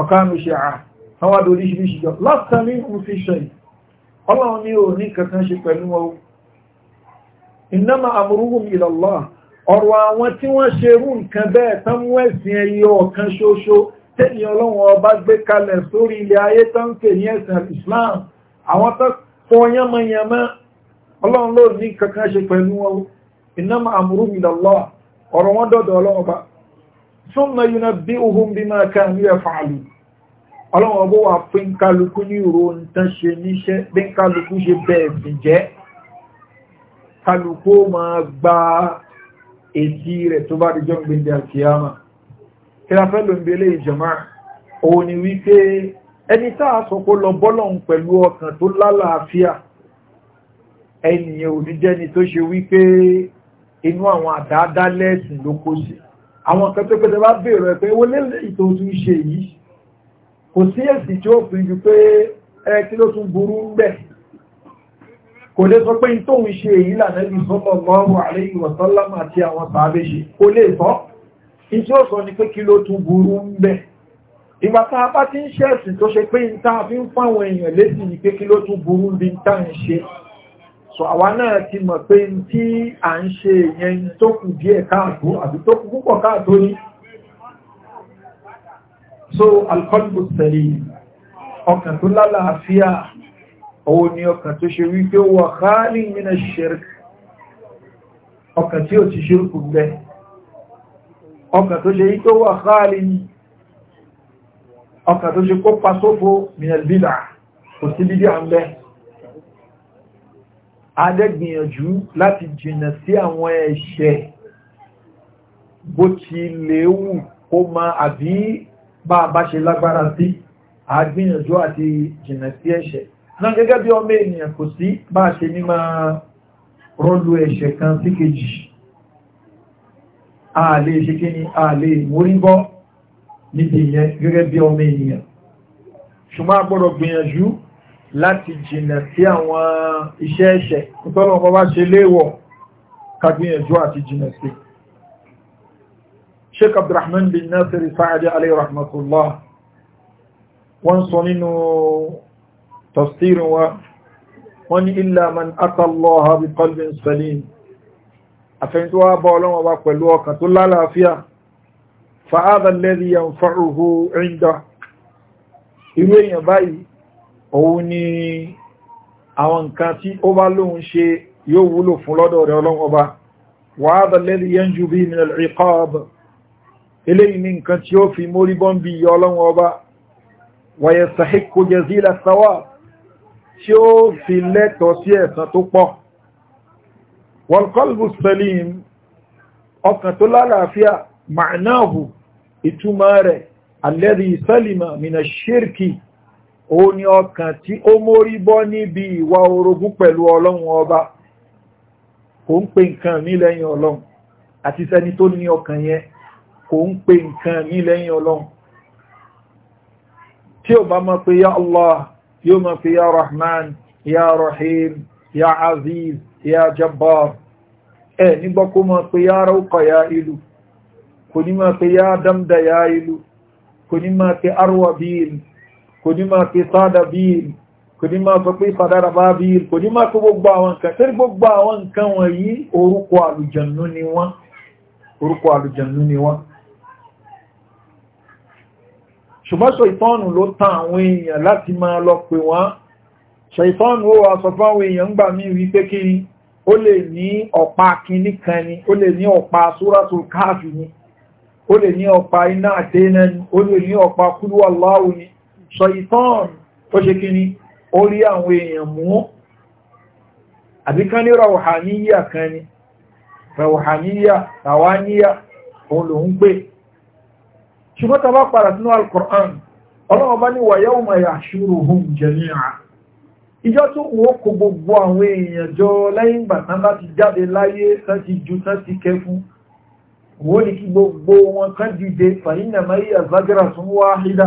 ọ̀kánú ṣe à àwọn àdó oríṣiríṣi jọ lásán ní kún fi ṣe ọlọ́run ní òní kankan ṣe pẹ̀lú wọn o ìnáma àmúrúhùn ìlọ́lá ọ̀rọ̀ àwọn tí wọ́n ṣe rú nǹkan bẹ́ẹ̀ tán mú ẹ̀sìn ẹyọ ọ̀kan ṣoṣo tẹ́yìn ọlọ́run ọba gbé kalẹ̀ sórí ilẹ̀ ayé tán pè ní ẹ̀sìn islam àwọn tó súnmọ̀ yúnà bí ohun bí máa ká ní ẹ̀fààlù ọlọ́wọ́ bó wà fún kálukú ní ìrò tán ṣe níṣẹ́ bí kálukú ṣe bẹ̀ẹ̀sì jẹ́ kálukú máa gba èsì rẹ̀ tó bá dìjọ́ gbìndẹ̀ àkíyàmà kí la fẹ́ ló ń belé ìjọmá òun ni wípé ẹni tá a sọ pé lọ bọ́lọ̀n pẹ̀lú ọkàn tó lálàáfíà ẹnìyàn àwọn kan tó pẹ́tẹ́ bá bèèrè pé wó lè ìtò tún ṣe yìí kò sí èsì tí ó fi ju pé ẹ ló tún burú ń bẹ̀ kò lè sọ pé tó ń ṣe èyí lànà ibi wa sallam àti àwọn sàábé ṣe kò ni pé kí ló tún burú ń bẹ̀ ìgbà tá a bá ti ń ni pé kí ló tún so àwa náà ti mọ̀ pé tí a ń ṣe yẹn tó kù díẹ̀ káàtó àti tó kù púpọ̀ káàtó ní so alkọlùbù tẹ̀lé ọkàn tó lálàáfíà owó ni ọkàn tó ṣe wípé wà káàlì nínú ṣirk ọkàn tí ó ti ṣirkù gbẹ ọkàn tó ṣe wípé wà káàlì ọkàn tó ṣe kópa sófo nínú bídà kò sí bídà ń bẹ́ẹ̀ adẹ́gbìyànjú láti jìnà sí àwọn ẹ̀ṣẹ̀ bó ti lè wù kó ma àbí bá bá ṣe lágbára sí agbìyànjú àti jìnà sí ẹ̀ṣẹ̀ náà gẹ́gẹ́ bí ọmọ ènìyàn kò sí bá ṣe ní máa rọ́lù ẹ̀ṣẹ̀ kan sí kejì ààlè ṣe ni ààlè mórígbọ́ níbi ìyẹn gẹ́gẹ́ bí ọmọ ènìyàn ṣùgbọ́n a gbìyànjú láti jìnà sí àwọn iṣẹ́ ẹ̀ṣẹ̀ nítorí wọn bá ṣe léèwọ̀ ká gbìyànjú àti jìnà sí sheik abdulrahman bin nasir sa'adi alayhi rahmatullah wọ́n sọ nínú tafsir wa wọ́n ní illa man atallaha bi qalbin salim afẹ́yìn tó wá bá ọlọ́wọ́ bá pẹ̀lú ọkàn tó lálàáfíà fa'adha alladhi yanfa'uhu 'inda irú èèyàn báyìí òun ni àwọn nǹkan tí ó bá lóhun ṣe yóò wúlò fún lọ́dọ̀ rẹ̀ ọlọ́run ọba wàhádà lẹ́lì yẹn jù bí minal riqab eléyìí ni nǹkan tí ó fi mórí bọ́n bí iye ọlọ́run ọba wàyẹ̀ sàhíkò jẹ́zílà sáwà tí ó fi lẹ́tọ̀ sí ẹ̀sán tó pọ̀ wọ́lkọ́lù salim ọkàn tó lálàáfíà ma'anáhù ìtumọ̀ rẹ̀ alẹ́rìí sálìmà minal shirki òun ni ọkàn tí ó mórí bọ́ níbi ìwà orogún pẹ̀lú ọlọ́run ọba kò ń pe nǹkan mí lẹ́yìn ọlọ́run àti sẹni tó ní ọkàn yẹn kò ń pe nǹkan mí lẹ́yìn ọlọ́run tí ó bá mọ́ pé ya Allah yóò mọ́ pé ya Rahman ya Rahim ya Aziz ya Jabbar ẹ nígbọ́ kó mọ́ pé ya Rauqa ya Ilu kò ní mọ́ pé ya Damda ya Ilu kò ní mọ́ pé Arwabil kò ní máa pè sáàdà bíl kò ní máa sọ pé sàdára bá bíl kò ní máa kó gbogbo àwọn nǹkan tẹ́rí gbogbo àwọn nǹkan wọ̀nyí orúkọ àlùjànnú ni wọ́n orúkọ àlùjànnú ni wọ́n ṣùgbọ́n ṣètọ́nù ló tàn àwọn èèyàn láti máa lọ pè wọ́n ṣètọ́nù ó wà sọ fáwọn èèyàn ń gbà mí wí pé kí ó lè ní ọ̀pá kìíní kan ni ó lè ní ọ̀pá suratul káàfì ni ó lè ní ọ̀pá iná àtẹ́nà ni ó lè ní ọ̀pá kúrú aláwù ni sọ ìtọ́ọ̀nù ó ṣe kí ni ó rí àwọn èèyàn mú àbíkán ní ràwùhàníyà kan ni ràwùhàníyà ràwáníyà òun ló ń pè ṣùgbọ́n tàbá padà sínú alkùnrán ọlọ́wọ́ bá ní wàyá ọmọ ẹ̀yà ṣúrù hùn jẹ̀míà ìjọ tó wọ́n kò gbogbo àwọn kí gbogbo wọn kan dìde fàyínà máyà zagra tún wáhídà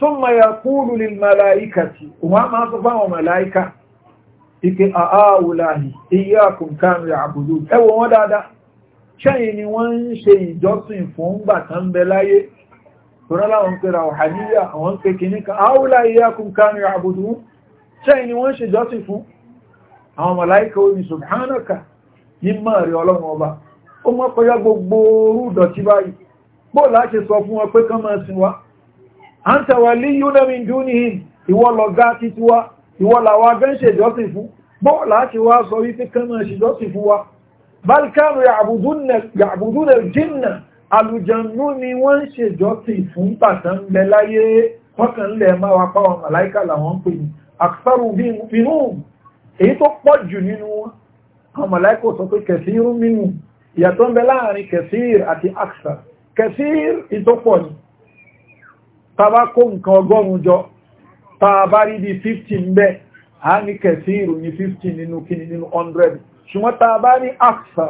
ثم يقول للملائكة وما صفا ملائكة إك أهؤلاء إياكم كانوا يعبدون أو ودادا ṣẹ́yìn ni wọ́n ń ṣe ìjọsìn fún bàtà ń bẹ láyé tọ́rọlá wọn pẹ̀rọ àwòhàníyà àwọn pé kì ní ká áwùlá iyyakum kanu ya'budun ṣẹ́yìn ni wọ́n ń ṣe ìjọsìn fún àwọn omi subhanaka ní ọlọ́run ọba ó mọ́ gbogbo báyìí fún wọn pé wa anta waliyuna min dunihim ìwọ lọ̀gá títí wá ìwọ làwà gán ṣe ìjọsìn fún bọ́ láti wá sọ wípé kánà ṣìjọsìn fún wa balkanu ya'buduna jinna alùjànú ni wọ́n ń ṣèjọsìn fún pàtàn lẹ láyé kọ́kàn lẹ máa wá pàwọn màláìkà làwọn pè ní àkùsàrù bínú èyí tó pọ̀ jù nínú wọn àwọn màláìkà sọ pé ìtọ́pọ̀ ni tàbá kó nǹkan ọgọ́rùn jọ tàbá rí bí 15 bẹ́ a ní kẹsí ìròyìn 15 nínú kíni nínú 100 ṣùgbọ́n tàbá ní àṣà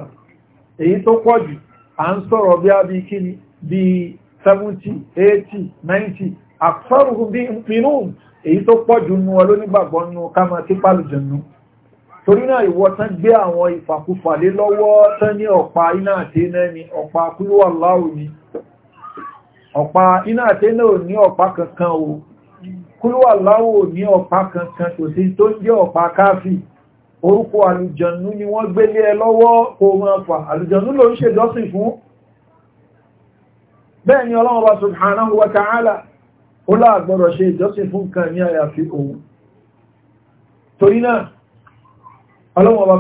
èyí tó pọ̀ jù à ń sọ̀rọ̀ bí a bí kíni bí 70 80 90 àṣàrùkù bí pinnu èyí tó pọ̀ jù nù ọ lónígbàgbọ́ nù ká tí pàlùjẹ̀ torí náà ìwọ tán gbé àwọn ìfàkúfà lé lọ́wọ́ tán ní ọ̀pá iná àti iná ni ọ̀pá kúlúwà láwùí ọ̀pá iná àtẹ́lẹ̀ ò ní ọ̀pá kankan o kúlúwà láwò ní ọ̀pá kankan kò sí tó jẹ́ ọ̀pá káfí orúkọ àlùjànnú ni wọ́n gbélé ẹ lọ́wọ́ kò máa fà àlùjànnú ló ń subhanahu wa ta'ala ó láàgbọ́rọ̀ ṣe ìjọ́sìn fún kan ní àyàfi òun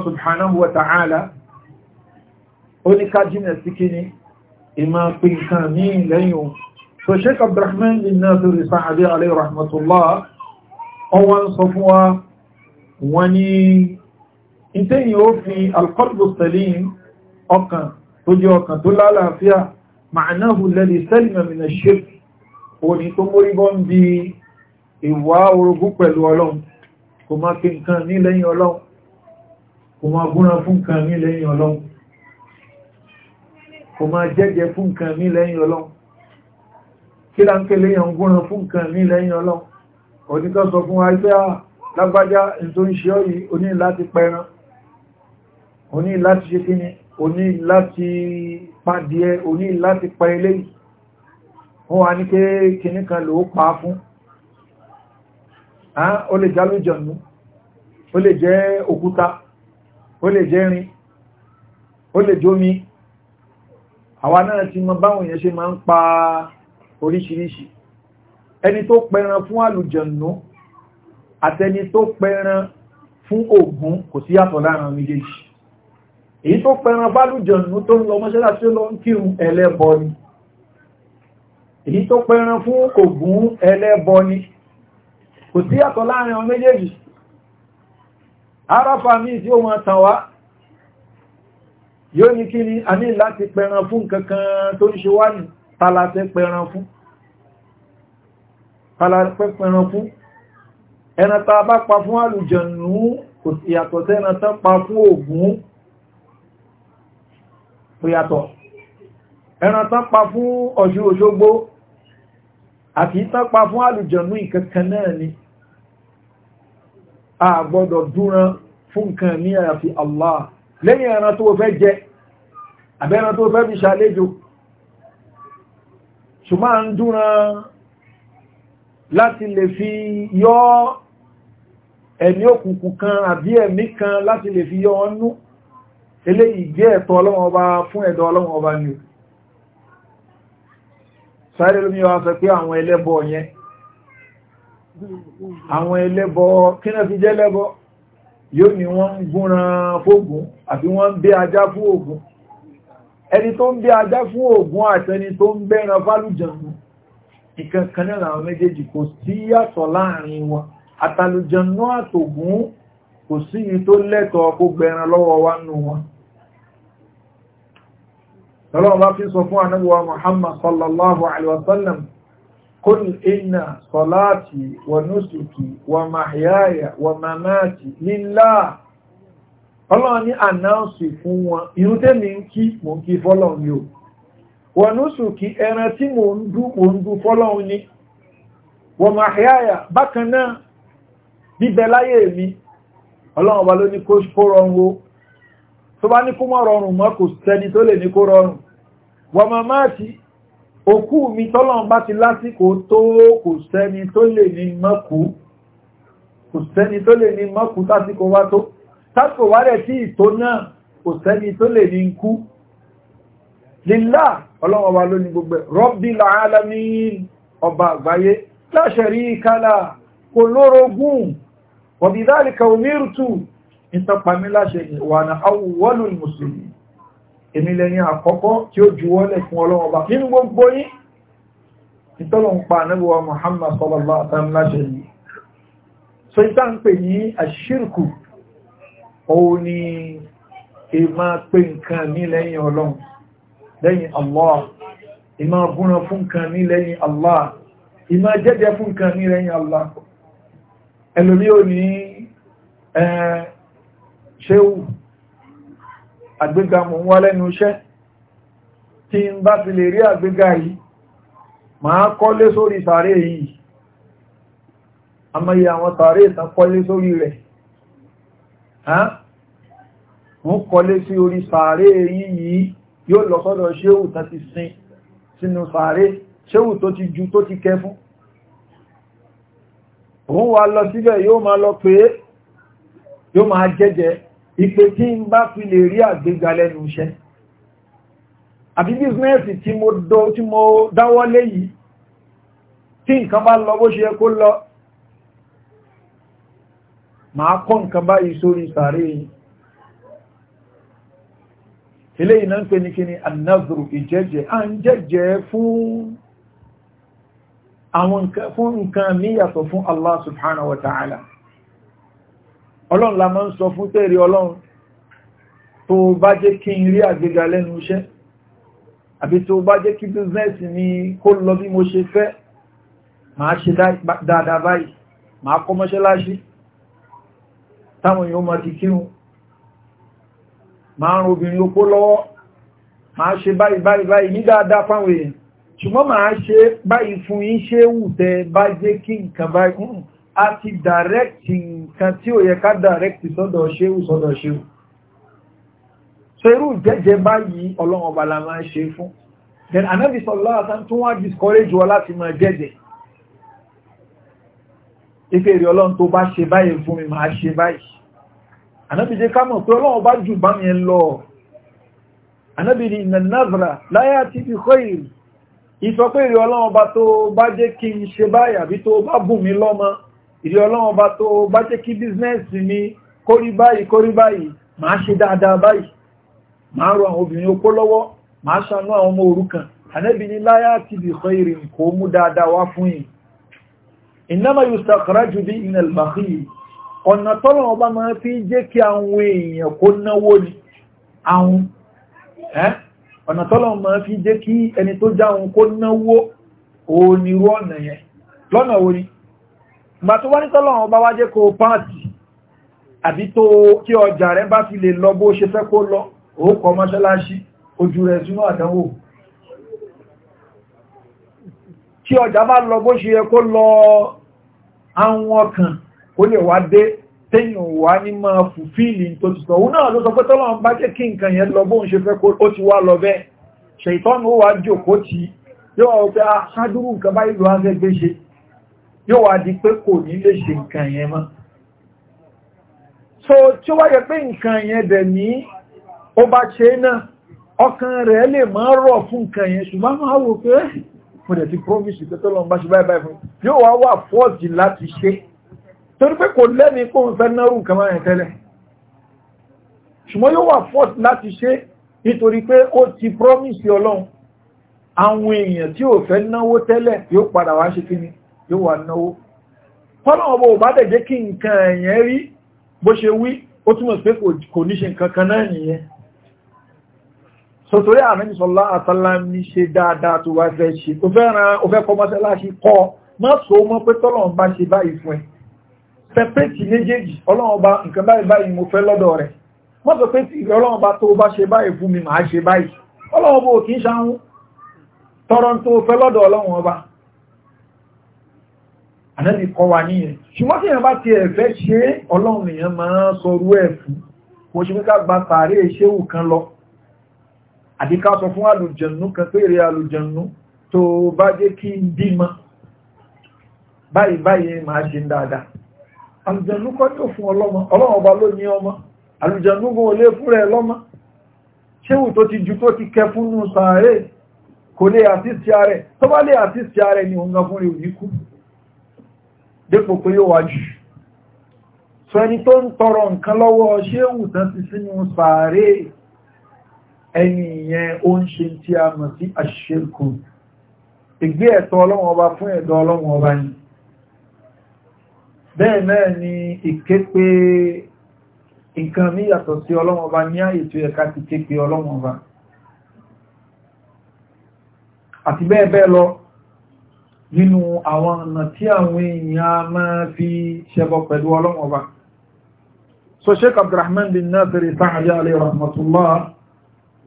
subhanahu wa ta'ala ó ní ká ìmá pé nǹkan ní lẹ́yìn ohun so sheik abdurrahman bin nasir sa'adi alayhi rahmatullah ọwọ́ ń sọ fún wa wọ́n ní ìtẹ́yìn ó fi alqalbu salim ọkàn tó jẹ́ ọkàn tó lálàáfíà ma'anahu alladhi salima min ash-shirk òní tó mórí bọ́ ń bi ìwà orogún pẹ̀lú ọlọ́run kò má kí nǹkan ní lẹ́yìn ọlọ́run kò máa jẹ́jẹ fún nǹkan mí lẹ́yìn ọlọ́run kí lá ń pè léyàn ń gúnran fún nǹkan mí lẹ́yìn ọlọ́run òníkọ́ sọ fún wa pé à ah, lágbájá tó ń ṣe ọ́ yìí o ní láti pẹran o ní láti ṣe kí ni o láti pàdíẹ o láti pa eléyìí wọ́n wá ní kíní kan ló pa fún ah, ó lè jálójọ̀nú ó lè jẹ́ òkúta ó lè jẹ́ rin ó lè jómi àwa náà ti mọ báwọn èèyàn ṣe máa ń pa oríṣiríṣi ẹni tó pẹran fún àlùjànnú àtẹni tó pẹran fún Ògún kò sí yàtọ̀ láàrin méjèèjì èyí tó pẹran bálùjànnú tó ń lọ mọ́ṣáláṣí lọ ń kírun ẹlẹ́bọ ni èyí tó pẹran fún Ògún ẹlẹ́bọ ni kò sí yàtọ̀ láàrin méjèèjì aráfà míì tí ó máa tàn wá yóò ní kí ni a ní láti pẹran fún kankan tó ń ṣe wá ní tàlàtẹ́ pẹran fún ẹran ta bá pa fún àlùjànnú kò ìyàtọ̀ sẹ́ran tán pa fún Ògún ìyàtọ̀ ẹran pa fún Ọ̀ṣun Òṣogbo àti tán fún àlùjànnú ìkankan náà ni a gbọ́dọ̀ dúran fún nǹkan ní àyàfi Allah lẹ́yìn ẹran tó fẹ́ jẹ àbẹ́ran tó fẹ́ fi ṣàlejò ṣùgbọ́n à ń dúnran láti lè fi yọ ẹ̀mí òkùnkùn kan àbí ẹ̀mí kan láti lè fi yọ ọnú eléyìí jẹ́ ẹ̀tọ́ ọlọ́wọ́n ọba fún ẹ̀dọ́ ọlọ́wọ́n ọba ni sáré lómi wá sọ pé àwọn ẹlẹ́bọ yẹn àwọn ẹlẹ́bọ kí náà fi jẹ́ lẹ́bọ̀ọ́ yóò ní wọ́n ń gúnran fógún àbí wọ́n ń bí ajá fún ògún ẹni tó ń bí ajá fún ògún àtẹni tó ń bẹ́ran fálùjànú ìkan kan náà àwọn méjèèjì kò sí yàtọ̀ láàrin wọn àtàlùjànú àtògún kò sí yìí tó lẹ́tọ̀ọ́ kó gbẹran lọ́wọ́ wa nù wọn Ọlọ́run bá fi sọ fún ànábì Muhammad sallallahu alaihi wasallam قل إن صلاتي ونسكي ومحياي ومماتي لله Ọlọ́run ní ànáàsì fún wọn, irú tẹ́mi ń kí mò ń kí fọ́lọ́run ni ò. Wọ̀n ní sùkí ẹran tí mò ń dú mò ń dú fọ́lọ́run ni. Wọ̀n máa yáyà bákan náà bíbẹ láyé mi, ọlọ́run bá ló ní kó rọrùn o. Tó bá ní òkú mi tọ́lọ́n bá ti lásìkò tó kò sẹ́ni tó lè ní mọ́kú kò sẹ́ni tó lè ní mọ́kú tásìkò wá tó tásìkò wá rẹ̀ tí ìtò náà kò sẹ́ni tó lè ní kú lílá ọlọ́wọ́ wa ló ní gbogbo Rabbil ọba àgbáyé la sharika lah kò lórogún wa bidhalika umirtu ìtọ́pamíláṣẹ́ ìwànà awwalul muslimin èmi lẹ́yìn àkọ́kọ́ tí ó juwọ́lẹ̀ fún ọlọ́wọ́ bá nínú gbogbo yí ìtọ́lọ̀ ń pa ànábíwá Muhammad sọ́lọ́lá àtàmìláṣẹ yìí so ìta ń pè ní àṣírkù òun ni ìmá pé nǹkan ní lẹ́yìn ọlọ́run lẹ́yìn Allah ìmá búra àgbéga mò ń wá lẹ́nu iṣẹ́ tí n bá fi lè rí àgbéga yìí máa kọ́lé sórí sàárè yìí amáyé àwọn sàárè ìtàn kọ́lé sórí rẹ̀ wọ́n kọ́lé sí orí sàárè yìí yìí yóò lọ sọ́dọ̀ ṣéhù tán ti sin sínú sàárè ṣéhù tó ti ju tó ti kẹ fún òun wá lọ síbẹ̀ yóò máa lọ pé yóò máa jẹ́jẹ́ ìpè tí ń bá fi lè rí àgbéga lẹ́nu iṣẹ́ àbí bísínẹ́sì tí mo dọ́ tí mo dáwọ́ lé yìí tí nǹkan bá lọ bó ṣe kó lọ máa kọ́ nǹkan báyìí sórí sàárè yìí ilé iná ń pè ní kí ni ìjẹ́jẹ́ à ń jẹ́jẹ́ fún àwọn nǹkan míyàtọ̀ fún Allah subhanahu wa ta'ala ọlọ́run la máa ń sọ fún tẹ́rẹ ọlọ́run tó bá jẹ́ kí n rí àgbéga lẹ́nu iṣẹ́ àbí tó bá jẹ́ kí bíznẹ́sì mi kó lọ bí mo ṣe fẹ́ máa ṣe dáadáa báyìí máa kọ́ mọ́ṣáláṣí táwọn èèyàn máa ti kírun máa ń obìnrin opó lọ́wọ́ máa ṣe báyìí báyìí báyìí ní dáadáa fáwọn èèyàn ṣùgbọ́n máa ṣe báyìí fún yín ṣe wù tẹ́ bá jẹ́ kí nǹkan báyìí hmm, a ti dàrẹ́kì nǹkan tí ó yẹ ká dàrẹ́kì sọ́dọ̀ ṣéhù sọ́dọ̀ ṣéhù so irú jẹ́jẹ báyìí ọlọ́run ọba ṣe fún then anabi sallallahu alaihi wasallam tún wá discourage wọn láti máa jẹ́jẹ ife èrè ọlọ́run tó bá ṣe báyìí fún mi máa ṣe báyìí anabi jẹ́ ká mọ̀ pé ọlọ́run bá jù bá mi lọ anabi ni inna nazra la ya'ti bi khair ìsọ pé èrè ọlọ́run ọba tó bá jẹ́ kí n ṣe báyìí àbí tó bá bù mí lọ́mọ ìrí ọlọ́run bá tó bá jẹ́ kí bíznẹ́sì mi kórí báyìí kórí báyìí máa ṣe dáadáa báyìí máa rọ àwọn obìnrin opó lọ́wọ́ máa ṣàánú àwọn ọmọ òrukàn ànẹ́bì ní láyá ti bì kọ́ ìrìn kò mú dáadáa wá fún yìí ìnáma yóò sàkàrà jù bí ìnà ìbàkì yìí ọ̀nà tọ́lọ́run bá máa fi jẹ́ kí àwọn èèyàn kó náwó ni àwọn ọ̀nà tọ́lọ́run máa fi jẹ́ kí ẹni tó já àwọn kó náwó òun ni irú ọ̀nà yẹn lọ́nà wo ni gbà tó wá ní tọ́lọ́run bá wá jẹ́ kó pàtì àbí tó kí ọjà rẹ bá fi lè lọ bó ṣe fẹ́ kó lọ òókọ mọ́ṣáláṣí ojú rẹ̀ sínú àdánwò kí ọjà bá lọ bó ṣe yẹ kó lọ àwọn ọkàn kó lè wá dé tẹ́yìn wá ní máa fùfíìlì tó ti sọ náà ló sọ pé tọ́lọ́run bá jẹ́ kí nǹkan yẹn lọ bóun ṣe fẹ́ kó ó ti wá lọ bẹ́ẹ̀ ṣèyítọ́nù ó wá jòkó tí yóò wá wọ́pẹ́ aṣáájú ah, nǹkan báyìí lọ́wọ́ yóò wá di pé kò ní lè ṣe nǹkan yẹn mọ́ so tí ó wáyé pé nǹkan yẹn dẹ̀ ní ó bá ṣe náà ọkàn rẹ̀ lè máa rọ̀ fún nǹkan yẹn ṣùgbọ́n máa wò pé eh, mo dẹ̀ ti promise pé tọ́lọ́ bá ṣe báyìí báyìí fún yóò wá wà fọ́ọ̀tì láti ṣe torí pé kò lẹ́ni kó ń fẹ́ náírù kan máa yẹn tẹ́lẹ̀ ṣùgbọ́n yóò wà fọ́ọ̀tì láti ṣe nítorí pé ó ti promise ọlọ́run àwọn èèyàn tí ò fẹ́ náwó tẹ́lẹ̀ yóò padà wá ṣe kíni yóò wà náwó tọ́lọ̀ ọmọ ò bá dẹ̀ jẹ́ kí nǹkan ẹ̀yẹn rí bó ṣe wí ó túnmọ̀ pé kò ní ṣe nǹkan kan náà nìyẹn sọ̀tọ̀rí àmẹ́ni sọ́lá àtàlá ní ṣe dáadáa tó wá fẹ́ ṣe ó fẹ́ ran ó fẹ́ kọ́ mọ́sálásí kọ́ má so mọ́ pé tọ́lọ̀ ń bá ṣe báyìí fún ẹ pẹ́pẹ́tì méjèèjì ọlọ́run ọba nǹkan báyìí báyìí mo fẹ́ lọ́dọ̀ rẹ̀ má sọ pé ọlọ́run ọba tó bá ṣe báyìí fún mi màá ṣe báyìí ọlọ́run ọba ò kì í ṣàwọn tọrọ tó fẹ́ lọ́dọ̀ ọlọ́run ọba ànábì kọ́ wa níyẹn ṣùgbọ́n tí èèyàn bá ti ẹ̀fẹ́ ṣe ọlọ́run èèyàn máa sọrú ẹ̀ fún kò ṣe pé ká gba sàárè ṣéwù kan lọ àbí ká sọ fún àlùjẹ̀nù kan pé èrè àlùjẹ̀nù tó bá jẹ́ kí n bímọ báyìí báyìí máa ṣe ń dáadáa àlùjẹ̀nù kọ́ yóò fún ọlọ́mọ ọlọ́run ọba ló ní ọmọ dépò pé yóò wájú sọ ẹni tó ń tọrọ nǹkan lọ́wọ́ ṣéwù tán ti sínú sàárè ẹni ìyẹn ó ń ṣe tí a mọ̀ sí àṣẹ́kù ìgbé ẹ̀tọ́ ọlọ́wọ́n ọba fún ẹ̀dọ́ ọlọ́wọ́n ọba ni bẹ́ẹ̀ náà ni ìké pé nǹkan mí yàtọ̀ sí ọlọ́wọ́n ọba ní ààyè tó ti ké pé ọlọ́wọ́n ọba àti bẹ́ẹ̀ bẹ́ẹ̀ lọ nínú àwọn ọ̀nà tí àwọn èèyàn máa fi ṣẹbọ pẹ̀lú ọlọ́wọ́ bá so sheik abdulrahman bin nasir sáàjá alẹ́ rahmatullah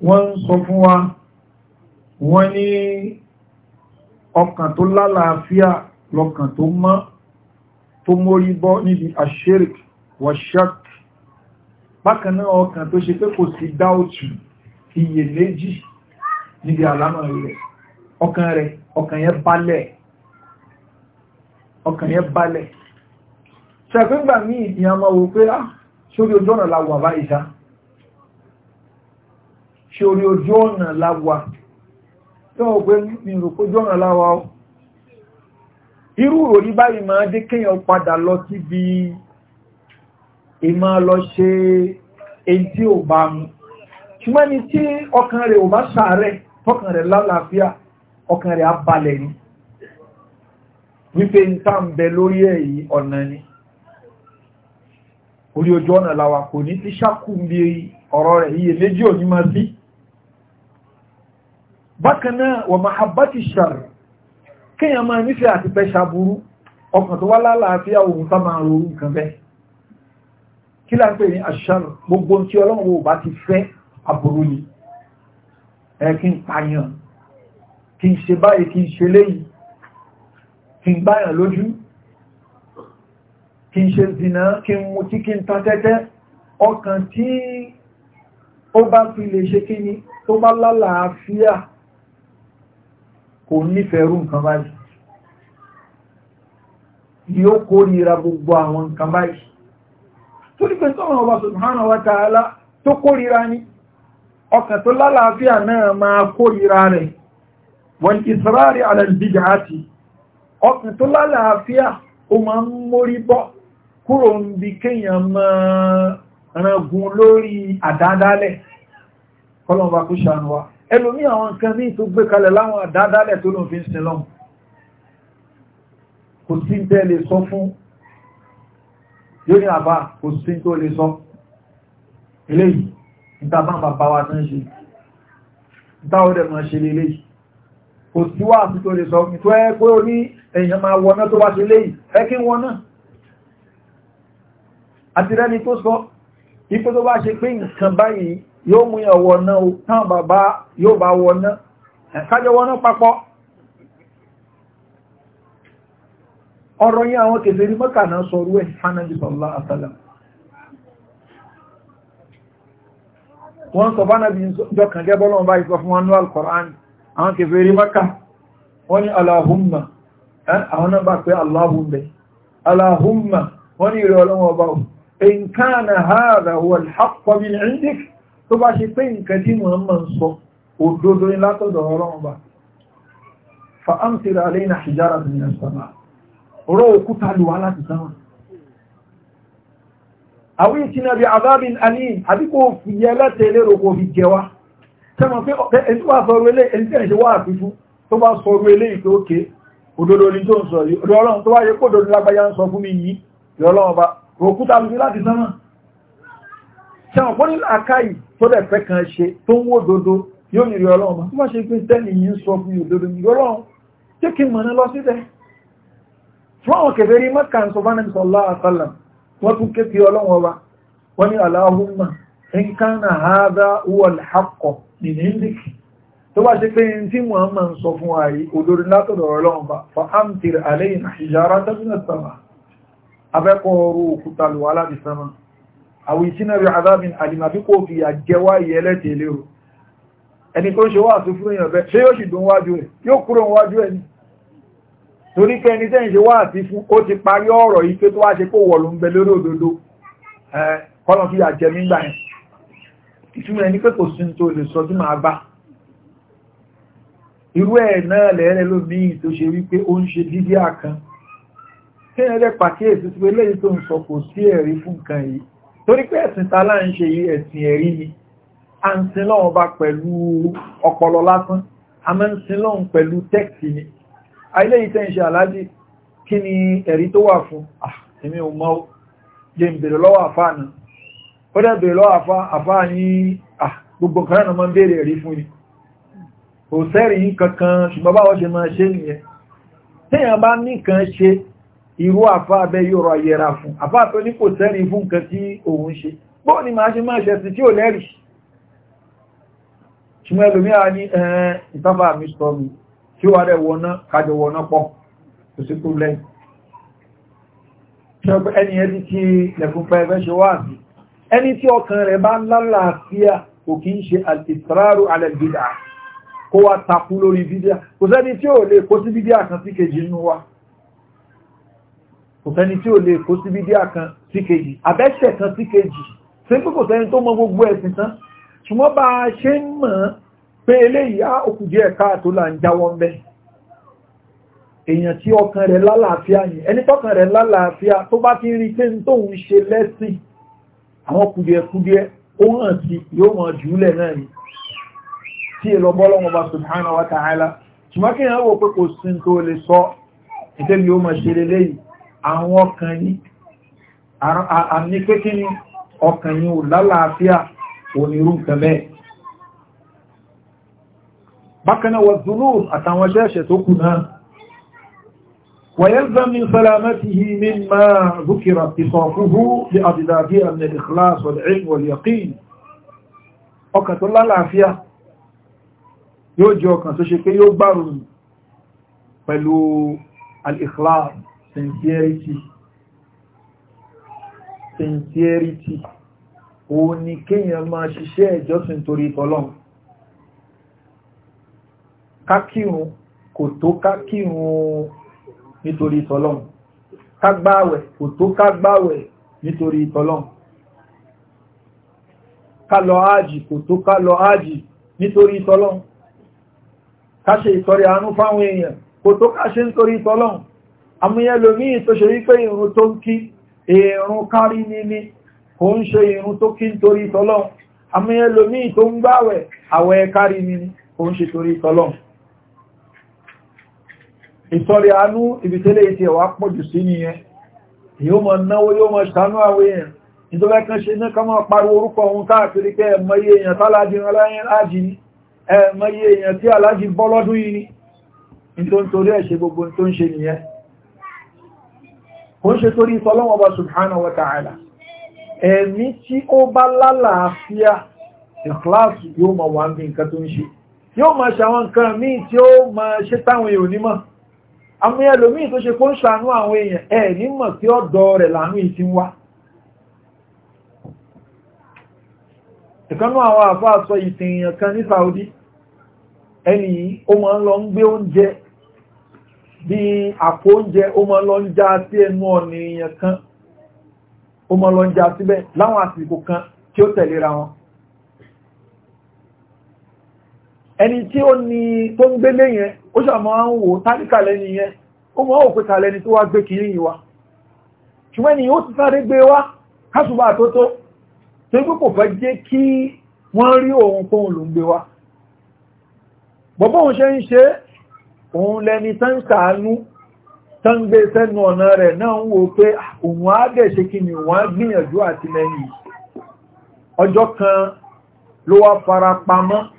wọ́n sọ fún wa wọ́n ní ọkàn tó lálàáfíà lọ́kàn tó mọ́ tó mórí bọ́ níbi ashirik wa shak bákan náà ọkàn tó ṣe pé kò sí dáòtù iyèméjì níbi àlámà rẹ̀ ọkàn rẹ̀ ọkàn yẹn balẹ̀ ọkàn yẹn balẹ̀ ṣẹ̀gbẹ́gbà ní ìdíyàn máa wo pé á ah, sórí ojú ọ̀nà la wà báyìí sá sórí ojú ọ̀nà la wà tó o pé mi rò pé ojú ọ̀nà la wà ó irú ìròyìn báyìí máa dé kéèyàn padà lọ síbi ìmọ̀ lọ ṣe èyí tí ò bá mu ṣùgbọ́n ni tí ọkàn rẹ̀ wípé ń tá ń bẹ lórí èyí ọ̀nà ni orí ojú ọ̀nà làwà kò ní ti ṣàkùnbí ọ̀rọ̀ rẹ̀ iye méjì ò ní máa sí bákan náà wà mahabbati ṣàrù kíyàn máa nífẹ̀ẹ́ àti pẹ́ ṣàbúrú ọkàn tó wá lálàáfíà ohun tá máa rorú nǹkan bẹ́ kí là pè ní àṣàrù gbogbo tí ọlọ́run bá ti fẹ́ àbúrú ni ẹ kí n pààyàn kí n ṣe báyìí kí n ṣe léyìí kí n gbáyàn lójú kí n ṣe zìnà kí n mú tí kí n tán tẹ́tẹ́ ọkàn tí ó bá fi lè ṣe kí ni tó bá lálàáfíà kò nífẹ̀ẹ́rú nǹkan báyìí yóò kórìíra gbogbo àwọn nǹkan báyìí tó nífẹ̀ẹ́ sọ́wọ́n ọba subhanahu wa ta'ala tó kórìíra ni ọkàn tó lálàáfíà náà máa kórìíra rẹ̀ wal israri ala al ọkùn tó lálàáfíà ó máa ń mórí bọ́ kúrò ń bi kéèyàn máa rangun lórí àdádálẹ̀ kọ́lọ̀mbà kó ṣàánú wa ẹlòmí àwọn nǹkan ní tó gbé kalẹ̀ láwọn àdádálẹ̀ tó lòun fi ń sin lọ́hùn kò sí tẹ́ lè sọ fún yóò àbá kò sí tó lè sọ eléyìí níta bá bàbá wa náà ṣe níta ó dẹ̀ máa ṣe lélẹ́yìí kò tí wà ní tó lè sọ mi tó ẹ pé ó ní èèyàn máa wọná tó bá ṣe léyìí ẹ kí wọn náà àti rẹni tó sọ ipò tó bá ṣe pé nǹkan báyìí yóò mú yàn wọná o táwọn bàbá yóò bá wọná kájọ wọná papọ̀ ọ̀rọ̀ yí àwọn kèfèrí mọ́kànlá sọ̀rú ẹ̀ hánàbí sọ̀lá àtàlà wọ́n sọ àwọn kèfèrí maka wọ́n ni aláhùnmà àwọn náà bá pé aláhùnbẹ̀ aláhùnmà wọ́n ni ìrẹ̀ ọlọ́wọ́ bá wù in kana hadha huwa al-haqq min 'indik tó bá ṣe pé nǹkan tí Muhammad sọ òdodo ní látọ̀dọ̀ ọlọ́wọ́ bá tẹ́mọ̀ pé ẹni wà sọ̀rọ̀ ilé ẹni tẹ́ẹ̀ ṣe wà àfífú tó bá sọ̀rọ̀ ilé ìpé òkè òdodo ní tó ń sọ yìí ọlọ́run tó wáyé kó dodo lágbàáyá ń sọ fún mi yìí ọlọ́run bá òkúta lùfí láti sánmà tẹ́mọ̀ pọ́ ní àkáyì tó dẹ̀ fẹ́ kan ṣe tó ń wó dodo yóò ní rí ọlọ́run bá tó bá ṣe pé tẹ́ni yìí ń sọ fún mi òdodo ní in kana hadha huwa al-haqq min indik tó bá ṣe pé n tí wọ́n máa ń sọ fún wa yìí olórí látọ̀dọ̀ ọlọ́run bá fa amtir alayna hijaratan min as-sama abẹ́kọ̀ ọrú òkúta lùwà láti sánmà àwọn ìsínà bí adabin alimabi kò fi àjẹwà ìyẹlẹ̀ tèlé o ẹni tó ṣe wà tó fún èèyàn ẹ̀ ìtumọ̀ ẹni pé kò sí ní tó lè sọ tí máa bá irú ẹ̀ náà lẹ́rẹ́ lómii tó ṣe wípé ó ń ṣe dídí àkan kéèyàn lẹ́ pàkíyèsí sí pé lẹ́yìn tó ń sọ kò sí ẹ̀rí fún nǹkan yìí torí pé ẹ̀sìn ta láà ń ṣe yìí ẹ̀sìn ẹ̀rí ni a ń sin lọ́wọ́ bá pẹ̀lú ọpọlọ lásán a máa ń sin lọ́wọ́ pẹ̀lú tẹ́kì ni ayéléyìí tẹ́ ń ṣe àlájì kí ni ẹ̀rí tó wà fún ah èmi ò mọ̀ jẹ́ ìbèrè lọ́wọ́ àfáà náà ó dẹ̀ bèèrè lọ àfá ní ah, gbogbo kan náà máa bèèrè rí fún ni kò sẹ́rì yí kankan ṣùgbọ́n báwọ́ ṣe máa ṣe nìyẹn tíyàn bá ní kan ṣe irú àfá abẹ́ yóò ayẹra fún àfá tó ní kò sẹ́rì fún nǹkan tí òun ṣe bóò ni máa ṣe máa ṣe sí tí ò lẹ́rì ṣùgbọ́n ẹlòmíà ní ẹ̀ẹ́n ìtafà mi sọ mi tí wà rẹ̀ wọná kájọ wọná pọ̀ kò sí problem ṣọ́pẹ́ ẹni ẹni tí lẹ̀kùn fẹ́ ṣe wáàbí ẹni tí ọkàn rẹ̀ bá lálàáfíà kò kí ń ṣe al-israru ala al-bid'a kó wá takú lórí bídíà kò sẹ́ni tí ò lè kó sí bídíà kan sí kejì nínú wa kò sẹ́ni tí ò lè kó sí bídíà kan sí kejì àbẹ́ṣẹ̀ kan sí kejì ṣé pé kò sẹ́ni tó mọ gbogbo ẹ̀sìn tán ṣùgbọ́n bá a ṣe ń mọ̀ pé eléyìí á òkú díẹ̀ káàtó là ń jáwọ́ ń èèyàn tí ọkàn rẹ̀ lálàáfíà yìí ẹni tọ́kàn rẹ̀ lálàáfíà tó bá ti rí pé tóun ṣe lẹ́sìn àwọn kùdíẹ̀kùdíẹ̀ ó hàn sí yóò mọ̀ jùúlẹ̀ náà ni tí èlò bọ́lọ́wọ́ bá subhanahu wa ta'ala ṣùgbọ́n kí yàn wò pé kò sí tó lè sọ ìtẹ́ yóò mọ̀ ṣe lélẹ́ yìí àwọn ọkàn yìí tó kù náà ويلزم من سلامته مما ذكر اتصافه بأضدادها من الإخلاص والعلم واليقين ọkàn tó lálàáfíà yóò jẹ́ ọkàn tó ṣe pé yóò gbárùn pẹ̀lú al-ikhlas sincerity sincerity òun ni kéèyàn máa ṣiṣẹ́ ìjọsìn torí tọ́lọ́n kákírun kò tó kákírun nítorí tọ́lọ́n kágbáwẹ̀ kò tó kágbáwẹ̀ nítorí tọ́lọ́n kálọ ájì kò tó kálọ ájì nítorí tọ́lọ́n káṣe ìtọrẹ àánú fáwọn èèyàn kò tó káṣe nítorí tọ́lọ́n àmúyẹ́lòmí tó ṣe rí pé ìrun tó ń kí ìrun kárí níní kò ń ṣe ìrun tó kí nítorí tọ́lọ́n àmúyẹ́lòmí tó ń gbáwẹ̀ àwẹ̀ kárí níní kò ń ṣe torí tọ́lọ́n ìtọ́rẹ àánú ibi tẹ́lẹ̀ ìtẹ́ wà pọ̀jù sí nìyẹn yóò mọ̀ náwó yóò mọ̀ ṣàánú àwọn èèyàn ìjọba kan ṣe ní kọmọ̀ parí orúkọ ohun káàkiri pé ẹ̀mọ̀yé èèyàn tàlájí aláàjì ní ẹ̀mọ̀yé èèyàn tí aláàjì bọ́ subhanahu wa ta'ala ẹ̀mí tí ó bá lálàáfíà ìkláàsì yóò mọ̀ wà ní nǹkan tó ń ṣe yóò àmì ẹlòmíì tó ṣe kó ń ṣàánú àwọn èèyàn ẹ̀ nímọ̀ tí ọ̀dọ̀ rẹ̀ lànú ìtí wá ìkanú àwọn àfáà sọ ìsìn èèyàn kan ní Saudi ẹni yìí ó máa ń lọ ń gbé oúnjẹ bí àpò oúnjẹ ó máa ń lọ ń já sí ẹnu ọ̀nà èèyàn kan ó máa ń lọ ń já síbẹ̀ láwọn àsìkò kan tí ó tẹ̀lera wọn ẹni tí ó ní tó ń gbélé yẹn ó ṣàmọ́ ń wò táníkà lẹ́ni yẹn ó mọ́ òpé kalẹ̀ ni tó wá gbé kìí yìí wá ni ó ti sáré gbé wá kásùgbà tó tó tó gbé kò fẹ́ jẹ́ kí wọ́n rí ohun kóhun ló ń gbé wá bọ̀bọ̀ òun ṣe ń ṣe òun lẹni tán ah, ni wọ́n gbìyànjú àti lẹ́yìn ọjọ́ kan ló wá fara pamọ́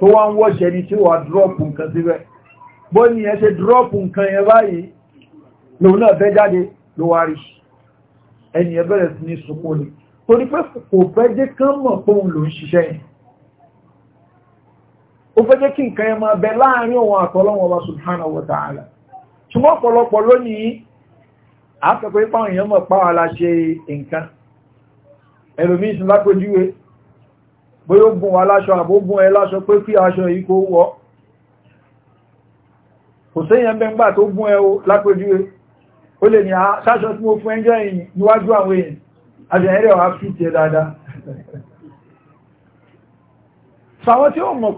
tó wá ń wọ́ṣẹ́ ní tí wà drọ́pù nǹkan síbẹ̀ bó ní ẹ ṣe drọ́pù nǹkan yẹn báyìí lòun náà fẹ́ jáde ló wá rí ẹni ẹ bẹ̀rẹ̀ sí ní sunkún ni torí pé kò fẹ́ jẹ́ kán mọ̀ pé òun ló ń ṣiṣẹ́ yẹn ó fẹ́ jẹ́ kí nǹkan yẹn máa bẹ láàárín òun àtọ́lọ́wọ́n wa subhanahu wa ta'ala ṣùgbọ́n ọ̀pọ̀lọpọ̀ lónìí àfẹ́kọ̀ọ́ ipá òyìnbó pàwọ́ la ṣe nǹkan ẹlòmíín sì lápòjúwe bóyá ó gún wa láṣọ àbógún ẹ láṣọ pé kí aṣọ yìí kó wọ́ kò séyàn bẹ́ ńgbà tó gún ẹ o lápójúwé ó lè ní aṣọ ah, tí mo fún ẹjọ́ ẹ̀yìn níwájú àwọn èèyàn àjẹ̀yẹ́rẹ́ ọ̀há fi tiẹ̀ dáadáa sàwọn tí ó mọ̀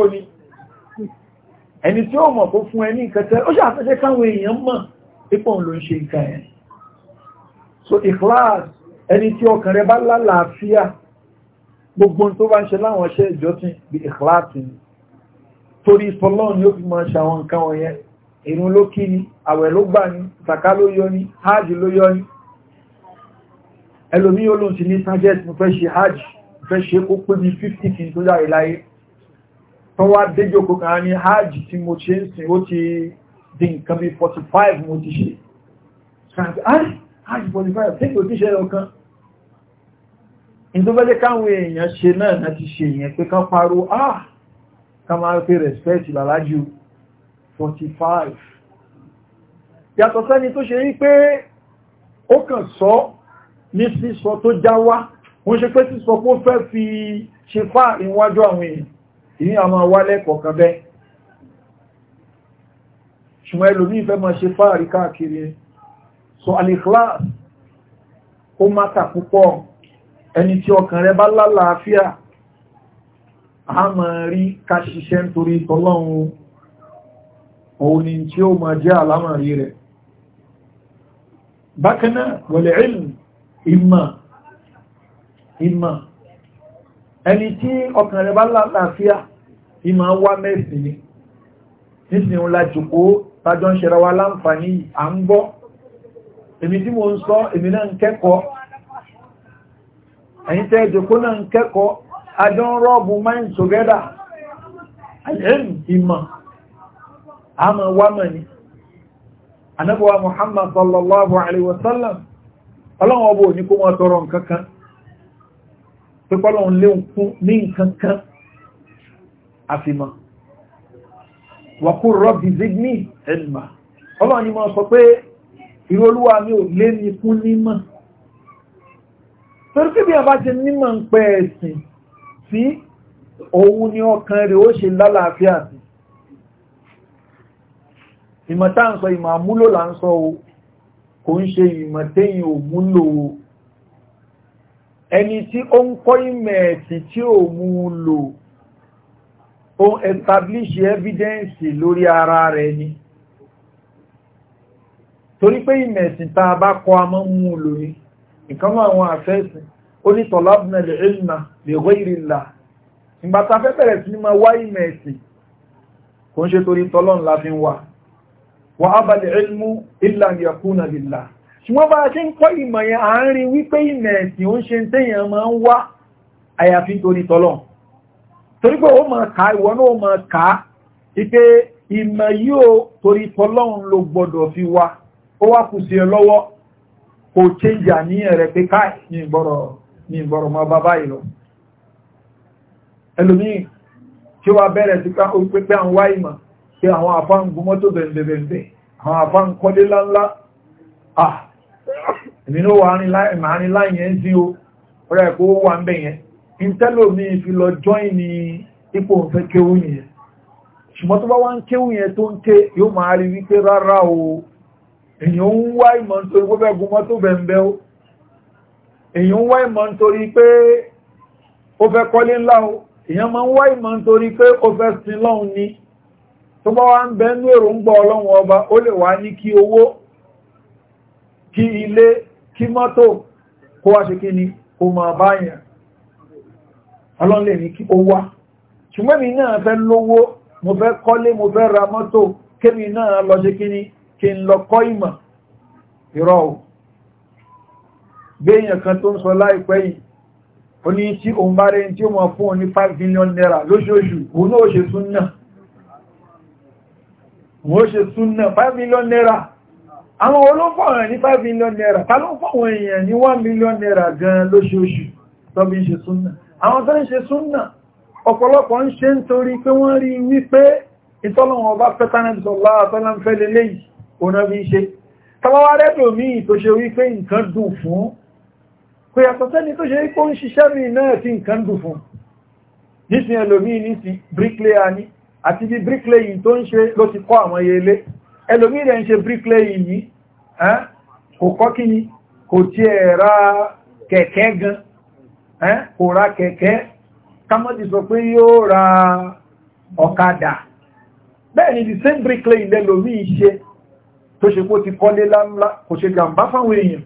pé ẹni tí ó mọ̀ kó fún ẹni kẹtẹ ó ṣàfẹ́fẹ́ káwọn èèyàn mọ̀ pípọ̀ ló ń ṣe nǹkan ẹ̀ so ikhlas ẹni tí ọkàn rẹ bá lálàáfíà gbogbo tó bá ń ṣe láwọn ṣe ìjọsìn bí ikhlas ni torí sọlọ́ọ̀ ni ó fi máa ṣàwọn nǹkan wọ̀nyẹn ìrun ló kí ni àwẹ̀ ló gbà ní sàká ló yọ ní hajj ló yọ ní ẹlòmí olóhun ti ní target mo fẹ́ ṣe hajj mo fẹ́ ṣe kó pé ní 50 kí tó jáde tó wá déjòkó kan ní hajj tí mo ṣe ń sin ó ti di nǹkan bí 45 mo ti ṣe ah, hajj 45 tí kò ti ṣe ọ̀kan ìdúbẹ́lẹ́ káwọn èèyàn ṣe náà náà ti ṣe ìyẹn pé ká paró ah ká máa fi respect làlájú 45 yàtọ̀ sẹ́ni tó ṣe rí pé ó kàn sọ ní sísọ tó já wá wọ́n ṣe pé sísọ pó fẹ́ fi ṣe fà níwájú àwọn èèyàn ìyí àwọn awálẹ̀ kọ̀ọ̀kan bẹ́ ṣùgbọ́n ẹlòmí ìfẹ́ máa ṣe fáàrí káàkiri so al-ikhlas ó mátà púpọ̀ ẹni tí ọkàn rẹ bá lálàáfíà a máa rí ká ṣiṣẹ́ nítorí tọ́lọ́run òun ni tí ó máa jẹ́ àlámàrí rẹ̀ bákanáà wal ìmọ̀ ẹni tí ọkàn rẹ̀ bá láàáfíà ìmọ̀ wá mẹ́sìn ni nísìnyí ńlá jùkó tájọ́ ń ṣẹra wa láǹfààní à ń gbọ́ tí mo ń sọ èmi náà ń kẹ́kọ̀ọ́ ẹ̀yin tẹ́ ìjòkó náà ń kẹ́kọ̀ọ́ ajọ́ ń rọ́ọ̀bù mind together alẹ́m ìmọ̀ àmọ̀ wámọ̀ anábọ̀wá Muhammad sallallahu alaihi wasallam ọlọ́wọ́ bò ní kó tọrọ nǹkan pípọ́lọ̀ ń léun fún ní nǹkan kan àfimọ́ wàkú rọ́bì zigni ẹnmà ọlọ́run ni mo sọ pé ìrọlúwà mi ò lé mi fún nímọ̀ torí kébí àbá ti nímọ̀ ń pẹ́ ẹ̀sìn sí òun ni ọkàn rẹ̀ ó ṣe lálàáfíà sí ìmọ̀ta ń sọ ìmọ̀ àmúlò là ń sọ o kò ń ṣe ìmọ̀ ẹni tí ó ń kọ́ ìmẹ̀ẹ̀sì tí ò mú un lò ó ń establish evidence lórí ara rẹ̀ ni torí pé ìmẹ̀ẹ̀sì tá a bá kọ́ a mọ́ mú un lò ní ìkánú àwọn àfẹ́sìn ó ní tọ̀lábùnà lè ìlmà lè wé ìrìnlá ìgbà tá fẹ́ bẹ̀rẹ̀ sí máa wá ìmẹ̀ẹ̀sì kò ń ṣe torí tọ́lọ́n la wà wà á balẹ̀ ìlmú ìlànà yakuna lillah ṣùgbọ́n bá ṣe ń kọ́ ìmọ̀ yẹn àárín wípé ìmẹ̀ ẹ̀sìn ó ń tẹ́yàn ń wá àyàfi torí tọ́lọ̀ torí pé ó máa ká ìwọ náà máa ká ipé ìmọ̀ yóò torí tọ́lọ̀ gbọ́dọ̀ fi wá ó wá kù sí ẹ lọ́wọ́ kò change àníyàn rẹ̀ pé ká ní ìgbọ̀rọ̀ ma bàbá lọ tí bẹ̀rẹ̀ èmi ló wà ní láyẹn sí o ọ̀rẹ́ ẹ̀kọ́ wà ń bẹ̀ yẹn ìtẹ́lò mi fi lọ join ní ipò ń fẹ́ kéwú yẹn ṣùgbọ́n tó bá wá ń kéwú yẹn tó ń ké yóò máa rí wípé rárá o èyàn ń wá ìmọ̀ nítorí pé bẹ́ẹ̀ gúnmọ́ tó bẹ̀m̀bẹ̀ o èyàn ń wá ìmọ̀ nítorí pé ó fẹ́ kọ́lé ńlá o èyàn máa ń wá ìmọ̀ nítorí pé ó fẹ́ sin lọ́hun ni tó bá wá ń bẹ ní èròǹgbà ọlọ́run ọba ó lè wá ní kí owó kí ilé kí mọ́tò kó wá ṣe kí ni kó máa báyàn ọlọ́lẹ̀ ní kí ó wá ṣùgbọ́n mi náà fẹ́ lówó mo fẹ́ kọ́lé mo fẹ́ ra mọ́tò kémi náà lọ ṣe kí ni kí n lọ kọ́ ìmọ̀ ìrọ̀ ò gbéyàn kan tó ń sọ láìpẹ́ yìí ó ní tí òun bá rẹ̀ tí ó mọ̀ fún òun ní 5 million naira lóṣooṣù òun náà ó ṣe súnnà 5 million naira àwọn olófọ̀ràn ní 5 million naira ta ló fọ̀wọ̀n èèyàn ní 1 million naira gan lóṣooṣù tọ́bí ṣe súnnà àwọn tó ń ṣe súnnà ọ̀pọ̀lọpọ̀ ń ṣe ń torí pé wọ́n rí wípé ìtọ́lọ̀wọ̀n bá pẹ́tánẹ́bìsọ̀lá nísìn ẹlòmí nísìn bricklayer ni àti bí bricklayer tó ń ṣe ló ti kọ́ àwọn yẹlé ẹlòmí rẹ̀ ń ṣe bríklẹ̀ yìí kò kọ́ kí ni kò tí ẹ̀ ra kẹ̀kẹ́ gan kò ra kẹ̀kẹ́ kámọ́dì sọ pé yóò ra ọ̀kadà bẹ́ẹ̀ ni the same bríklẹ̀ ilẹ̀ lòmí ṣe tó ṣe kó ti kọ́lé láńlá kò ṣe gàmbá fáwọn èèyàn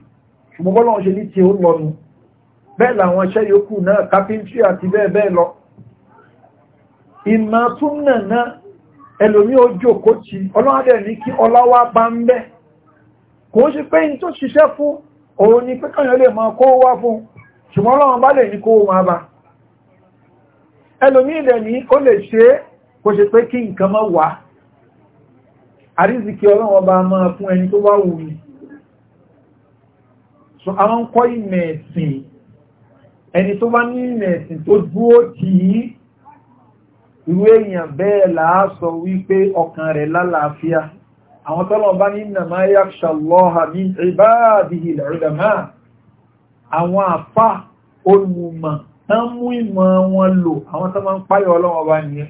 ṣùgbọ́n bọ́lọ́wọ́n ṣe ní tí ó lọ́nu bẹ́ẹ̀ làwọn iṣẹ́ yòókù náà kápẹ́ńtì àti bẹ́ẹ̀ bẹ́ẹ̀ lọ ìmọ̀ tún náà náà ẹlòmí ó jòkó ti ọlọ́wádẹ̀ ní kí ọláwá bá ń bẹ́ kò ń ṣe pé ní tó ṣiṣẹ́ fún òun ni pé kànyàn lè máa kó wá fún ṣùgbọ́n ọlọ́wọ́n bá lè ní kó wọn bá ẹlòmí ilẹ̀ ní ó lè ṣe kò ṣe pé kí nǹkan mọ́ wá àríziki ọlọ́wọ́n bá máa fún ẹni tó bá wù irú èèyàn bẹ́ẹ̀ làá sọ wípé ọkàn rẹ̀ lálàáfíà àwọn tọ́lọ̀ bá ní nàmá yaṣàlọ́ha ní ìbáàdìhì lọ́rọ̀dàmá àwọn àfá olùmọ̀ tán mú ìmọ̀ wọn lò àwọn tán máa ń páyọ̀ ọlọ́wọ́ bá nìyẹn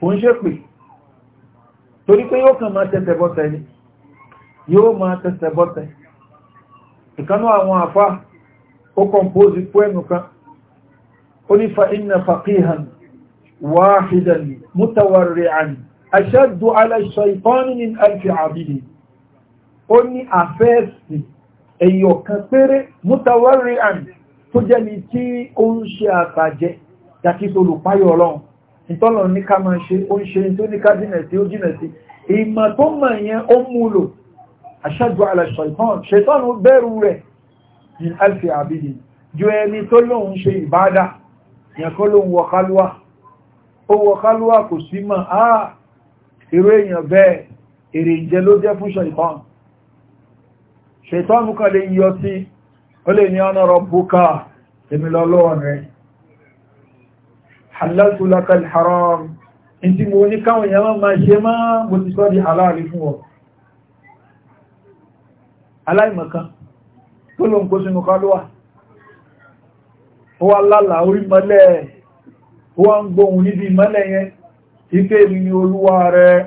kò ń ṣe pè torí pé yóò kàn máa tẹsẹ̀ bọ́tẹ̀ ni yóò máa tẹsẹ̀ bọ́tẹ̀ ìkanú àwọn àfá ó kọmpóòsì pẹ́ẹ̀mù kan ó ní fa inna faqihan wahidan mutawarri'an ashaddu ala shaytani min alfi abidi ó ní àfẹ́ẹ̀sì èyàn kan péré mutawarri'an tó jẹ́ ni tí ó ń ṣe àtàjẹ́ yàtí tó lùpáyọ̀ ọlọ́run ìtọ́lọ̀ ní ká máa ṣe ó ń ṣe tó ní ká jìnà sí ó jìnà sí ìmọ̀ tó mọ̀ yẹn ó mú lò aṣáájú aláṣọ ìtàn ṣetán bẹ̀rù rẹ̀ ní alfi àbídì ju ẹni tó lóun ṣe ìbádà yẹn kó lóun wọ kálúwà ó wọ kálúwà kò sí mọ̀ á irú èèyàn bẹ́ẹ̀ èrè ìjẹ ló jẹ́ fún ṣetán ṣetán kan lè yọ sí ó lè ní ọ̀nà rọ̀ bùkà èmi lọ́lọ́run rẹ̀ halaltu lakal haram inti mo ní káwọn èèyàn máa ṣe máa bó ti sọ́ di aláàrí fún ọ aláìmọ̀kan tó ló ń kó sínú kálúwà ó wá lálà orí mọ́lẹ̀ ó wá ń gbóhun níbi mọ́lẹ̀ yẹn ipé mi ni olúwa rẹ̀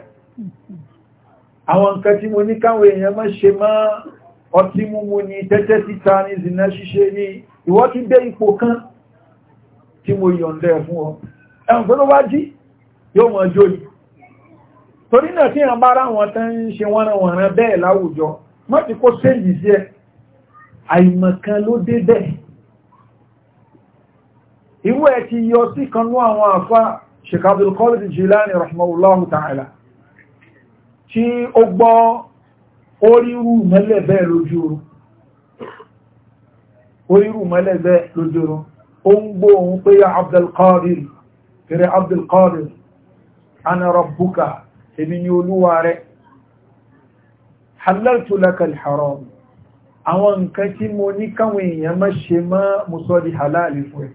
àwọn nǹkan tí mo ní káwọn èèyàn máa ṣe máa ọtí múmu ni tẹ́tẹ́ títa ni zìnà ṣíṣe ni ìwọ́ ti dé ipò kan tí mo yọ̀ǹdẹ̀ fún ọ ẹ̀wọ̀n tó ló bá jí yóò mọ̀ jó yìí torí náà tí ìyàn bá rá wọn tán ń ṣe wọ́n rán wọ̀n rán bẹ́ẹ̀ láwùjọ mọ́ ti kó séèjì sí ẹ àìmọ̀kan ló dé bẹ́ẹ̀ irú ẹ ti yọ sí bẹ́ẹ̀ lójú oorun ó ń gbó òun pé ya abdulkadir kiri abdulkadir ana rabbuka èmi ni olúwa rẹ̀ halartu lakal haram àwọn nǹkan tí mo ní káwọn èèyàn má ṣe má mo sọ di halal fún ẹ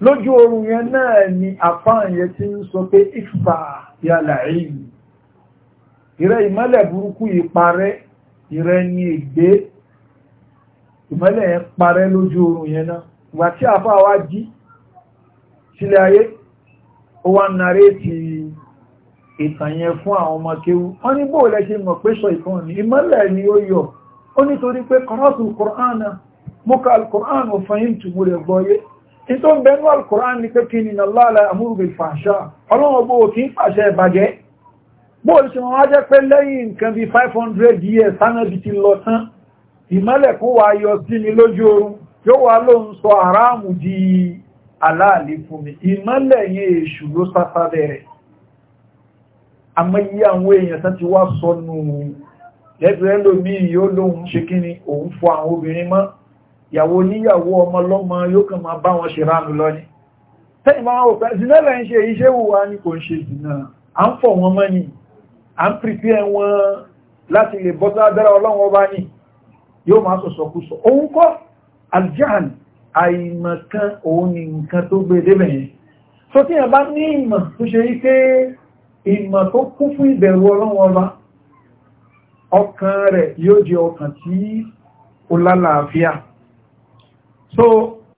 lójú oorun yẹn náà ni àfáàyẹ ti ń sọ pé ìfà yàlà ìlú ìrẹ ìmọ́lẹ̀ burúkú ìparẹ́ ìrẹ ni ègbé ìmọ́lẹ̀ yẹn parẹ́ lójú oorun yẹn náà ìgbà tí àfà wá jí sílẹ̀ ayé ó wá narẹ́ ti ìtàn yẹn fún àwọn ọmọ kéwú wọ́n ní bóò lẹ́ ṣe mọ̀ pé sọ ìkan ní ìmọ́lẹ̀ ni ó yọ ó nítorí pé kọ́rọ́tù kọ́rọ́ánà mo ka alkùrán òfin tù mo lè gbọ́yé in tó ń bẹnu alkùrán ní kékí ni na láàlá àmúrùbí fàṣà ọlọ́wọ́ bó kí ń pàṣẹ ìbàjẹ́ bóò lè ṣe wọ́n wá jẹ́ pé lẹ́yìn nǹkan 500 years sánàbí ti lọ ìmọ́lẹ̀ wa wá yọ sí mi lójú oorun yóò wá ló ń sọ àráàmù di aláàlè fún mi ìmọ́lẹ̀ yẹn èṣù ló sáfá bẹ̀rẹ̀ àmọ́yí àwọn èèyàn tán ti wá sọnù lẹ́bẹ̀rẹ́ lómi yóò lóhun ṣe kí ni òun fọ àwọn obìnrin mọ́ ìyàwó oníyàwó ọmọ lọ́mọ yóò kàn máa bá wọn ṣe ránu lọ ni tẹ́yìn wọn mọ́ ni à ń yóò máa sọ̀sọ̀ kú sọ òun kọ́ aljan àìmọ̀kan òun ni nǹkan tó gbé débẹ̀ yẹn tó tí ẹ̀ bá ní ìmọ̀ tó ṣe wípé ìmọ̀ tó kún fún ìbẹ̀rù ọlọ́wọ́ ọba ọkàn rẹ̀ yóò jẹ ọkàn tí ó lálàáfíà so